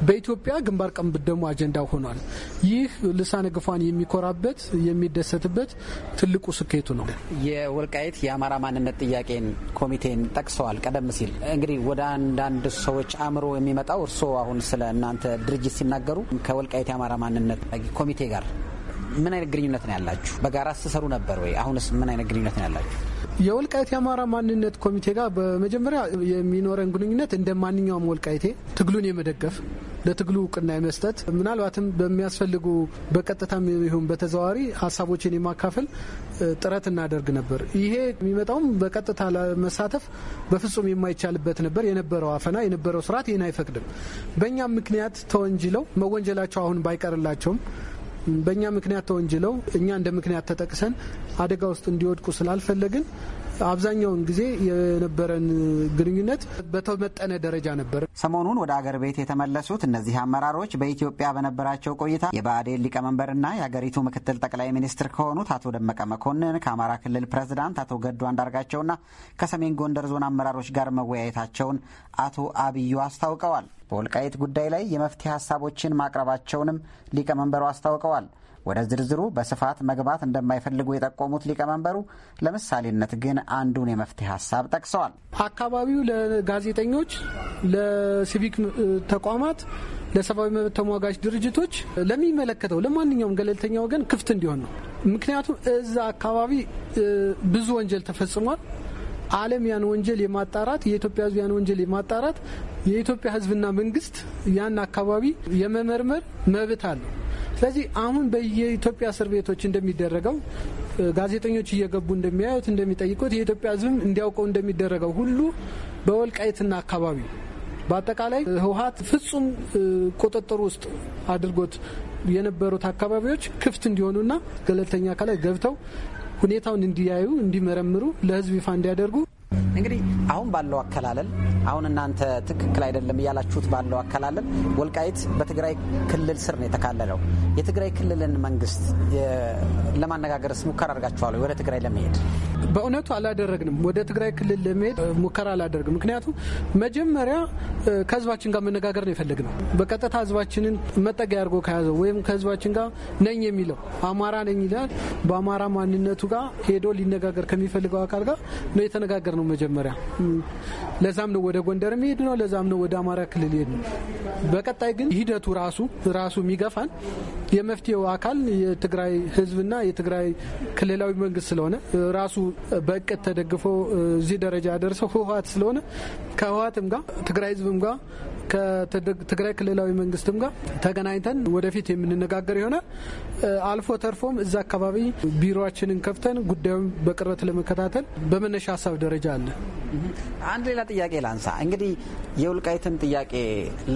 በኢትዮጵያ ግንባር ቀደም ደግሞ አጀንዳ ሆኗል። ይህ ልሳነ ግፏን የሚኮራበት የሚደሰትበት ትልቁ ስኬቱ ነው። የወልቃይት የአማራ ማንነት ጥያቄን ኮሚቴን ጠቅሰዋል። ቀደም ሲል እንግዲህ ወደ አንዳንድ ሰዎች አእምሮ የሚመጣው እርስዎ አሁን ስለ እናንተ ድርጅት ሲናገሩ ከወልቃይት የአማራ ማንነት ኮሚቴ ጋር ምን አይነት ግንኙነት ነው ያላችሁ? በጋራ ስትሰሩ ነበር ወይ? አሁንስ ምን አይነት ግንኙነት ነው ያላችሁ? የወልቃይት የአማራ ማንነት ኮሚቴ ጋር በመጀመሪያ የሚኖረን ግንኙነት እንደ ማንኛውም ወልቃይቴ ትግሉን የመደገፍ ለትግሉ እውቅና የመስጠት ምናልባትም በሚያስፈልጉ በቀጥታም ይሁን በተዘዋዋሪ ሀሳቦችን የማካፈል ጥረት እናደርግ ነበር። ይሄ የሚመጣውም በቀጥታ ለመሳተፍ በፍጹም የማይቻልበት ነበር። የነበረው አፈና የነበረው ስርዓት ይህን አይፈቅድም። በእኛም ምክንያት ተወንጅለው መወንጀላቸው አሁን ባይቀርላቸውም በእኛ ምክንያት ተወንጅለው እኛ እንደ ምክንያት ተጠቅሰን አደጋ ውስጥ እንዲወድቁ ስላልፈለግን አብዛኛውን ጊዜ የነበረን ግንኙነት በተመጠነ ደረጃ ነበር። ሰሞኑን ወደ አገር ቤት የተመለሱት እነዚህ አመራሮች በኢትዮጵያ በነበራቸው ቆይታ የብአዴን ሊቀመንበርና የአገሪቱ ምክትል ጠቅላይ ሚኒስትር ከሆኑት አቶ ደመቀ መኮንን ከአማራ ክልል ፕሬዝዳንት አቶ ገዱ አንዳርጋቸውና ከሰሜን ጎንደር ዞን አመራሮች ጋር መወያየታቸውን አቶ አብዩ አስታውቀዋል። በወልቃይት ጉዳይ ላይ የመፍትሄ ሀሳቦችን ማቅረባቸውንም ሊቀመንበሩ አስታውቀዋል። ወደ ዝርዝሩ በስፋት መግባት እንደማይፈልጉ የጠቆሙት ሊቀመንበሩ ለምሳሌነት ግን አንዱን የመፍትሄ ሀሳብ ጠቅሰዋል። አካባቢው ለጋዜጠኞች፣ ለሲቪክ ተቋማት፣ ለሰብአዊ መብት ተሟጋች ድርጅቶች፣ ለሚመለከተው ለማንኛውም ገለልተኛ ወገን ክፍት እንዲሆን ነው። ምክንያቱም እዛ አካባቢ ብዙ ወንጀል ተፈጽሟል። ዓለም ያን ወንጀል የማጣራት የኢትዮጵያ ሕዝብ ያን ወንጀል የማጣራት የኢትዮጵያ ሕዝብና መንግስት ያን አካባቢ የመመርመር መብት አለው። ስለዚህ አሁን በየኢትዮጵያ እስር ቤቶች እንደሚደረገው ጋዜጠኞች እየገቡ እንደሚያዩት እንደሚጠይቁት የኢትዮጵያ ሕዝብም እንዲያውቀው እንደሚደረገው ሁሉ በወልቃይትና አካባቢ በአጠቃላይ ህወሀት ፍጹም ቁጥጥር ውስጥ አድርጎት የነበሩት አካባቢዎች ክፍት እንዲሆኑና ገለልተኛ አካላት ገብተው ሁኔታውን እንዲያዩ፣ እንዲመረምሩ፣ ለህዝብ ይፋ እንዲያደርጉ እንግዲህ አሁን ባለው አከላለል አሁን እናንተ ትክክል አይደለም እያላችሁት ባለው አከላለል ወልቃይት በትግራይ ክልል ስር ነው የተካለለው። የትግራይ ክልልን መንግስት ለማነጋገርስ ሙከራ አድርጋችኋል? ወደ ትግራይ ለመሄድ በእውነቱ አላደረግንም። ወደ ትግራይ ክልል ለመሄድ ሙከራ አላደርግም። ምክንያቱም መጀመሪያ ከህዝባችን ጋር መነጋገር ነው የፈለግነው። በቀጥታ ህዝባችንን መጠጊያ አድርጎ ከያዘው ወይም ከህዝባችን ጋር ነኝ የሚለው አማራ ነኝ ይላል፣ በአማራ ማንነቱ ጋር ሄዶ ሊነጋገር ከሚፈልገው አካል ጋር ነው የተነጋገር ነው መጀመሪያ። ለዛም ነው ወደ ጎንደር የሚሄድ ነው፣ ለዛም ነው ወደ አማራ ክልል ሄድ ነው። በቀጣይ ግን ሂደቱ ራሱ ራሱ የሚገፋን የመፍትሄው አካል የትግራይ ህዝብና የትግራይ ክልላዊ መንግስት ስለሆነ ራሱ በእቅድ ተደግፎ እዚህ ደረጃ ያደርሰው ህወሀት ስለሆነ ከህወሀትም ጋር ትግራይ ህዝብም ጋር ከትግራይ ክልላዊ መንግስትም ጋር ተገናኝተን ወደፊት የምንነጋገር ይሆናል። አልፎ ተርፎም እዛ አካባቢ ቢሮችንን ከፍተን ጉዳዩን በቅርበት ለመከታተል በመነሻ ሀሳብ ደረጃ አለ። አንድ ሌላ ጥያቄ ላንሳ። እንግዲህ የውልቃይትን ጥያቄ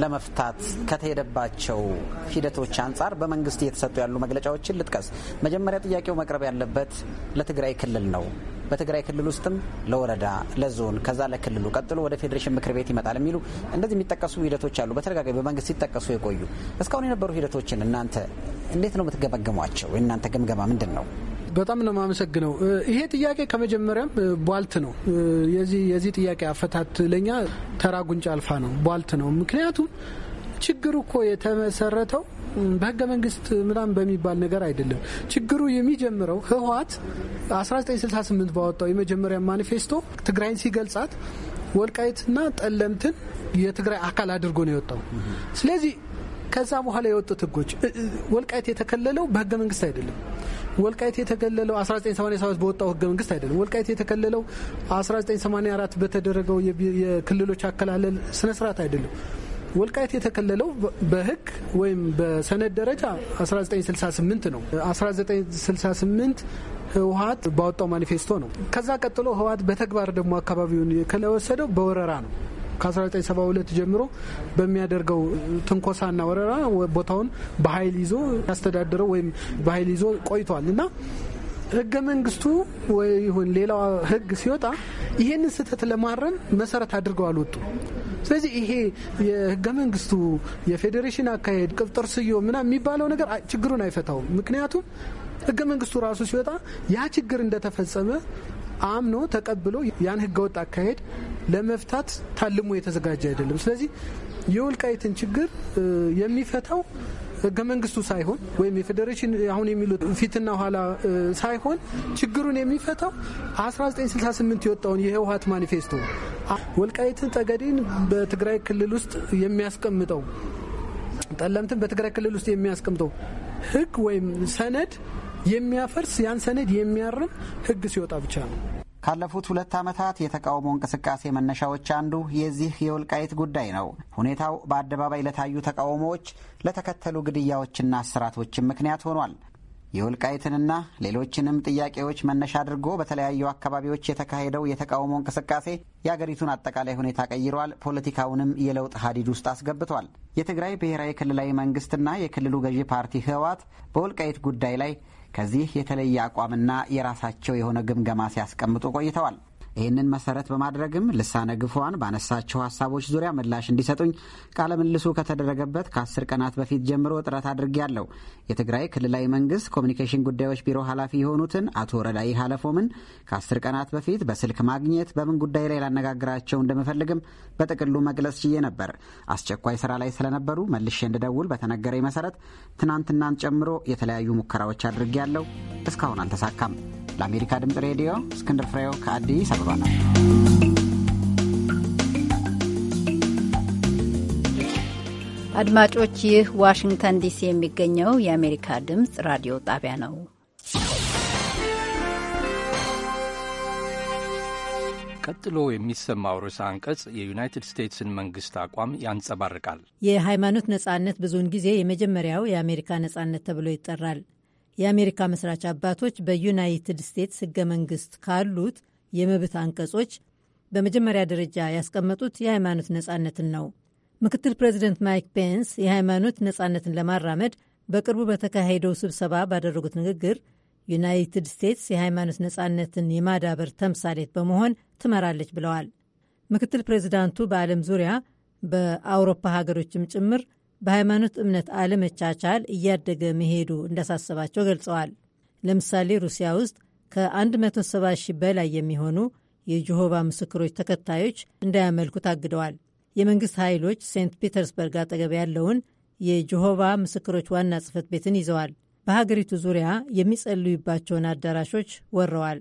ለመፍታት ከተሄደባቸው ሂደቶች አንጻር በመንግስት እየተሰጡ ያሉ መግለጫዎችን ልጥቀስ። መጀመሪያ ጥያቄው መቅረብ ያለበት ለትግራይ ክልል ነው። በትግራይ ክልል ውስጥም ለወረዳ፣ ለዞን ከዛ ለክልሉ ቀጥሎ ወደ ፌዴሬሽን ምክር ቤት ይመጣል የሚሉ እንደዚህ የሚጠቀሱ ሂደቶች አሉ። በተደጋጋሚ በመንግስት ሲጠቀሱ የቆዩ እስካሁን የነበሩ ሂደቶችን እናንተ እንዴት ነው የምትገመግሟቸው? የእናንተ ግምገማ ምንድን ነው? በጣም ነው የማመሰግነው። ይሄ ጥያቄ ከመጀመሪያም ቧልት ነው። የዚህ ጥያቄ አፈታት ለኛ ተራ ጉንጭ አልፋ ነው፣ ቧልት ነው። ምክንያቱም ችግሩ እኮ የተመሰረተው በህገ መንግስት ምናምን በሚባል ነገር አይደለም። ችግሩ የሚጀምረው ህወሓት 1968 ባወጣው የመጀመሪያ ማኒፌስቶ ትግራይን ሲገልጻት ወልቃይትና ጠለምትን የትግራይ አካል አድርጎ ነው የወጣው። ስለዚህ ከዛ በኋላ የወጡት ህጎች ወልቃይት የተከለለው በህገ መንግስት አይደለም። ወልቃይት የተከለለው 1987 በወጣው ህገ መንግስት አይደለም። ወልቃይት የተከለለው 1984 በተደረገው የክልሎች አከላለል ስነስርዓት አይደለም። ወልቃይት የተከለለው በህግ ወይም በሰነድ ደረጃ 1968 ነው። 1968 ህወሀት ባወጣው ማኒፌስቶ ነው። ከዛ ቀጥሎ ህወሀት በተግባር ደግሞ አካባቢውን ከለወሰደው በወረራ ነው። ከ1972 ጀምሮ በሚያደርገው ትንኮሳና ወረራ ቦታውን በኃይል ይዞ ያስተዳድረው ወይም በኃይል ይዞ ቆይቷል እና ህገ መንግስቱ ወይ ይሁን ሌላው ህግ ሲወጣ ይሄንን ስህተት ለማረም መሰረት አድርገው አልወጡ። ስለዚህ ይሄ የህገ መንግስቱ የፌዴሬሽን አካሄድ ቅብጥር ስዮ ምና የሚባለው ነገር ችግሩን አይፈታውም። ምክንያቱም ህገ መንግስቱ ራሱ ሲወጣ ያ ችግር እንደተፈጸመ አምኖ ተቀብሎ ያን ህገወጥ አካሄድ ለመፍታት ታልሞ የተዘጋጀ አይደለም። ስለዚህ የወልቃይትን ችግር የሚፈታው ህገ መንግስቱ ሳይሆን ወይም የፌዴሬሽን አሁን የሚሉት ፊትና ኋላ ሳይሆን ችግሩን የሚፈታው 1968 የወጣውን የህወሀት ማኒፌስቶ ወልቃይትን ጠገዴን በትግራይ ክልል ውስጥ የሚያስቀምጠው ጠለምትን በትግራይ ክልል ውስጥ የሚያስቀምጠው ህግ ወይም ሰነድ የሚያፈርስ ያን ሰነድ የሚያርም ህግ ሲወጣ ብቻ ነው። ካለፉት ሁለት ዓመታት የተቃውሞ እንቅስቃሴ መነሻዎች አንዱ የዚህ የወልቃይት ጉዳይ ነው። ሁኔታው በአደባባይ ለታዩ ተቃውሞዎች፣ ለተከተሉ ግድያዎችና እስራቶችን ምክንያት ሆኗል። የወልቃይትንና ሌሎችንም ጥያቄዎች መነሻ አድርጎ በተለያዩ አካባቢዎች የተካሄደው የተቃውሞ እንቅስቃሴ የአገሪቱን አጠቃላይ ሁኔታ ቀይሯል። ፖለቲካውንም የለውጥ ሀዲድ ውስጥ አስገብቷል። የትግራይ ብሔራዊ ክልላዊ መንግስትና የክልሉ ገዢ ፓርቲ ህወሓት በወልቃይት ጉዳይ ላይ ከዚህ የተለየ አቋምና የራሳቸው የሆነ ግምገማ ሲያስቀምጡ ቆይተዋል። ይህንን መሰረት በማድረግም ልሳነ ግፏን ባነሳቸው ሀሳቦች ዙሪያ ምላሽ እንዲሰጡኝ ቃለ ምልሱ ከተደረገበት ከአስር ቀናት በፊት ጀምሮ ጥረት አድርጌያለሁ። የትግራይ ክልላዊ መንግስት ኮሚኒኬሽን ጉዳዮች ቢሮ ኃላፊ የሆኑትን አቶ ረዳይ ሀለፎምን ከአስር ቀናት በፊት በስልክ ማግኘት፣ በምን ጉዳይ ላይ ላነጋግራቸው እንደምፈልግም በጥቅሉ መግለጽ ችዬ ነበር። አስቸኳይ ስራ ላይ ስለነበሩ መልሼ እንድደውል በተነገረኝ መሰረት ትናንትናን ጨምሮ የተለያዩ ሙከራዎች አድርጌ ያለው እስካሁን አልተሳካም። ለአሜሪካ ድምፅ ሬዲዮ እስክንድር ፍሬው ከአዲስ አበባ ነው። አድማጮች፣ ይህ ዋሽንግተን ዲሲ የሚገኘው የአሜሪካ ድምፅ ራዲዮ ጣቢያ ነው። ቀጥሎ የሚሰማው ርዕሰ አንቀጽ የዩናይትድ ስቴትስን መንግስት አቋም ያንጸባርቃል። የሃይማኖት ነጻነት ብዙውን ጊዜ የመጀመሪያው የአሜሪካ ነጻነት ተብሎ ይጠራል። የአሜሪካ መስራች አባቶች በዩናይትድ ስቴትስ ህገ መንግስት ካሉት የመብት አንቀጾች በመጀመሪያ ደረጃ ያስቀመጡት የሃይማኖት ነጻነትን ነው። ምክትል ፕሬዚደንት ማይክ ፔንስ የሃይማኖት ነጻነትን ለማራመድ በቅርቡ በተካሄደው ስብሰባ ባደረጉት ንግግር ዩናይትድ ስቴትስ የሃይማኖት ነጻነትን የማዳበር ተምሳሌት በመሆን ትመራለች ብለዋል። ምክትል ፕሬዚዳንቱ በዓለም ዙሪያ በአውሮፓ ሀገሮችም ጭምር በሃይማኖት እምነት አለመቻቻል እያደገ መሄዱ እንዳሳሰባቸው ገልጸዋል። ለምሳሌ ሩሲያ ውስጥ ከ170 ሺህ በላይ የሚሆኑ የጀሆባ ምስክሮች ተከታዮች እንዳያመልኩ ታግደዋል። የመንግሥት ኃይሎች ሴንት ፒተርስበርግ አጠገብ ያለውን የጀሆቫ ምስክሮች ዋና ጽሕፈት ቤትን ይዘዋል። በሀገሪቱ ዙሪያ የሚጸልዩባቸውን አዳራሾች ወረዋል።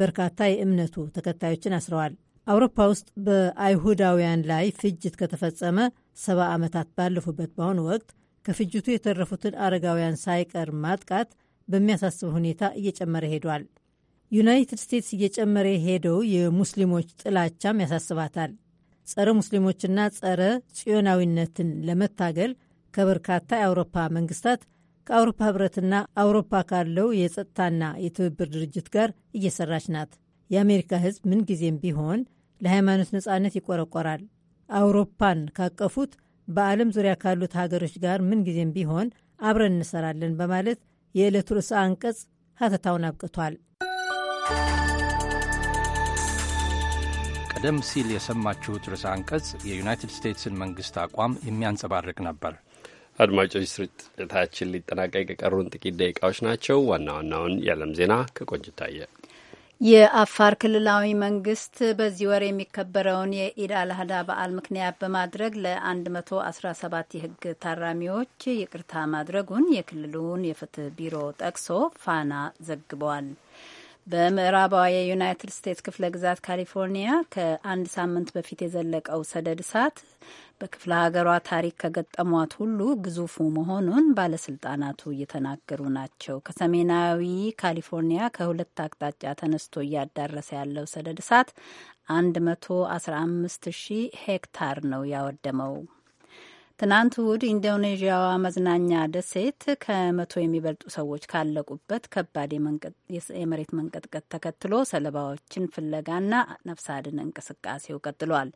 በርካታ የእምነቱ ተከታዮችን አስረዋል። አውሮፓ ውስጥ በአይሁዳውያን ላይ ፍጅት ከተፈጸመ ሰባ ዓመታት ባለፉበት በአሁኑ ወቅት ከፍጅቱ የተረፉትን አረጋውያን ሳይቀር ማጥቃት በሚያሳስብ ሁኔታ እየጨመረ ሄዷል። ዩናይትድ ስቴትስ እየጨመረ የሄደው የሙስሊሞች ጥላቻም ያሳስባታል። ጸረ ሙስሊሞችና ጸረ ጽዮናዊነትን ለመታገል ከበርካታ የአውሮፓ መንግስታት ከአውሮፓ ህብረትና አውሮፓ ካለው የጸጥታና የትብብር ድርጅት ጋር እየሰራች ናት። የአሜሪካ ህዝብ ምንጊዜም ቢሆን ለሃይማኖት ነጻነት ይቆረቆራል። አውሮፓን ካቀፉት በዓለም ዙሪያ ካሉት ሀገሮች ጋር ምንጊዜም ቢሆን አብረን እንሰራለን በማለት የዕለቱ ርዕሰ አንቀጽ ሀተታውን አብቅቷል። ቀደም ሲል የሰማችሁት ርዕሰ አንቀጽ የዩናይትድ ስቴትስን መንግሥት አቋም የሚያንጸባርቅ ነበር። አድማጮች ስርጭታችን ሊጠናቀቅ የቀሩን ጥቂት ደቂቃዎች ናቸው። ዋና ዋናውን የዓለም ዜና ከቆንጅት ታየ። የአፋር ክልላዊ መንግስት በዚህ ወር የሚከበረውን የኢድ አልሀዳ በዓል ምክንያት በማድረግ ለ117 የህግ ታራሚዎች ይቅርታ ማድረጉን የክልሉን የፍትህ ቢሮ ጠቅሶ ፋና ዘግቧል። በምዕራባዊ የዩናይትድ ስቴትስ ክፍለ ግዛት ካሊፎርኒያ ከአንድ ሳምንት በፊት የዘለቀው ሰደድ እሳት በክፍለ ሀገሯ ታሪክ ከገጠሟት ሁሉ ግዙፉ መሆኑን ባለስልጣናቱ እየተናገሩ ናቸው። ከሰሜናዊ ካሊፎርኒያ ከሁለት አቅጣጫ ተነስቶ እያዳረሰ ያለው ሰደድ እሳት 115 ሺህ ሄክታር ነው ያወደመው። ትናንት እሁድ ኢንዶኔዥያዋ መዝናኛ ደሴት ከመቶ የሚበልጡ ሰዎች ካለቁበት ከባድ የመሬት መንቀጥቀጥ ተከትሎ ሰለባዎችን ፍለጋና ነፍስ አድን እንቅስቃሴው ቀጥሏል።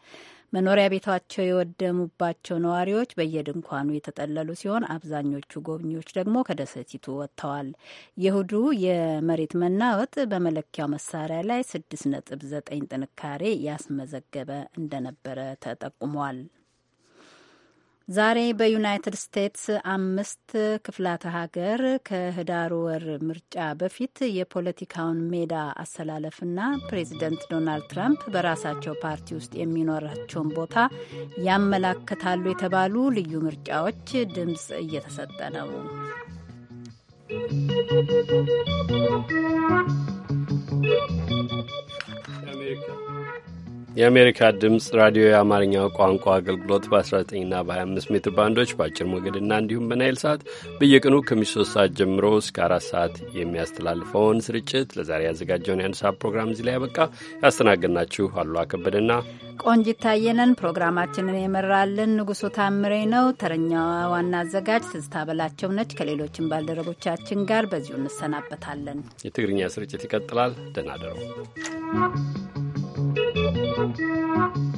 መኖሪያ ቤታቸው የወደሙባቸው ነዋሪዎች በየድንኳኑ የተጠለሉ ሲሆን አብዛኞቹ ጎብኚዎች ደግሞ ከደሴቲቱ ወጥተዋል። የእሁዱ የመሬት መናወጥ በመለኪያው መሳሪያ ላይ ስድስት ነጥብ ዘጠኝ ጥንካሬ ያስመዘገበ እንደነበረ ተጠቁሟል። ዛሬ በዩናይትድ ስቴትስ አምስት ክፍላተ ሀገር ከህዳር ወር ምርጫ በፊት የፖለቲካውን ሜዳ አሰላለፍና ፕሬዚደንት ዶናልድ ትራምፕ በራሳቸው ፓርቲ ውስጥ የሚኖራቸውን ቦታ ያመላክታሉ የተባሉ ልዩ ምርጫዎች ድምፅ እየተሰጠ ነው። Thank you. የአሜሪካ ድምፅ ራዲዮ የአማርኛው ቋንቋ አገልግሎት በ19ና በ25 ሜትር ባንዶች በአጭር ሞገድና እንዲሁም በናይል ሰዓት በየቀኑ ከምሽቱ 3 ሰዓት ጀምሮ እስከ አራት ሰዓት የሚያስተላልፈውን ስርጭት ለዛሬ ያዘጋጀውን የአንድ ሰዓት ፕሮግራም እዚህ ላይ ያበቃ። ያስተናገድናችሁ አሉላ ከበደና ቆንጂት ፕሮግራማችንን የመራልን ንጉሱ ታምሬ ነው። ተረኛዋ ዋና አዘጋጅ ትዝታ በላቸው ነች። ከሌሎችን ባልደረቦቻችን ጋር በዚሁ እንሰናበታለን። የትግርኛ ስርጭት ይቀጥላል። ደህና ደሩ። Thank you.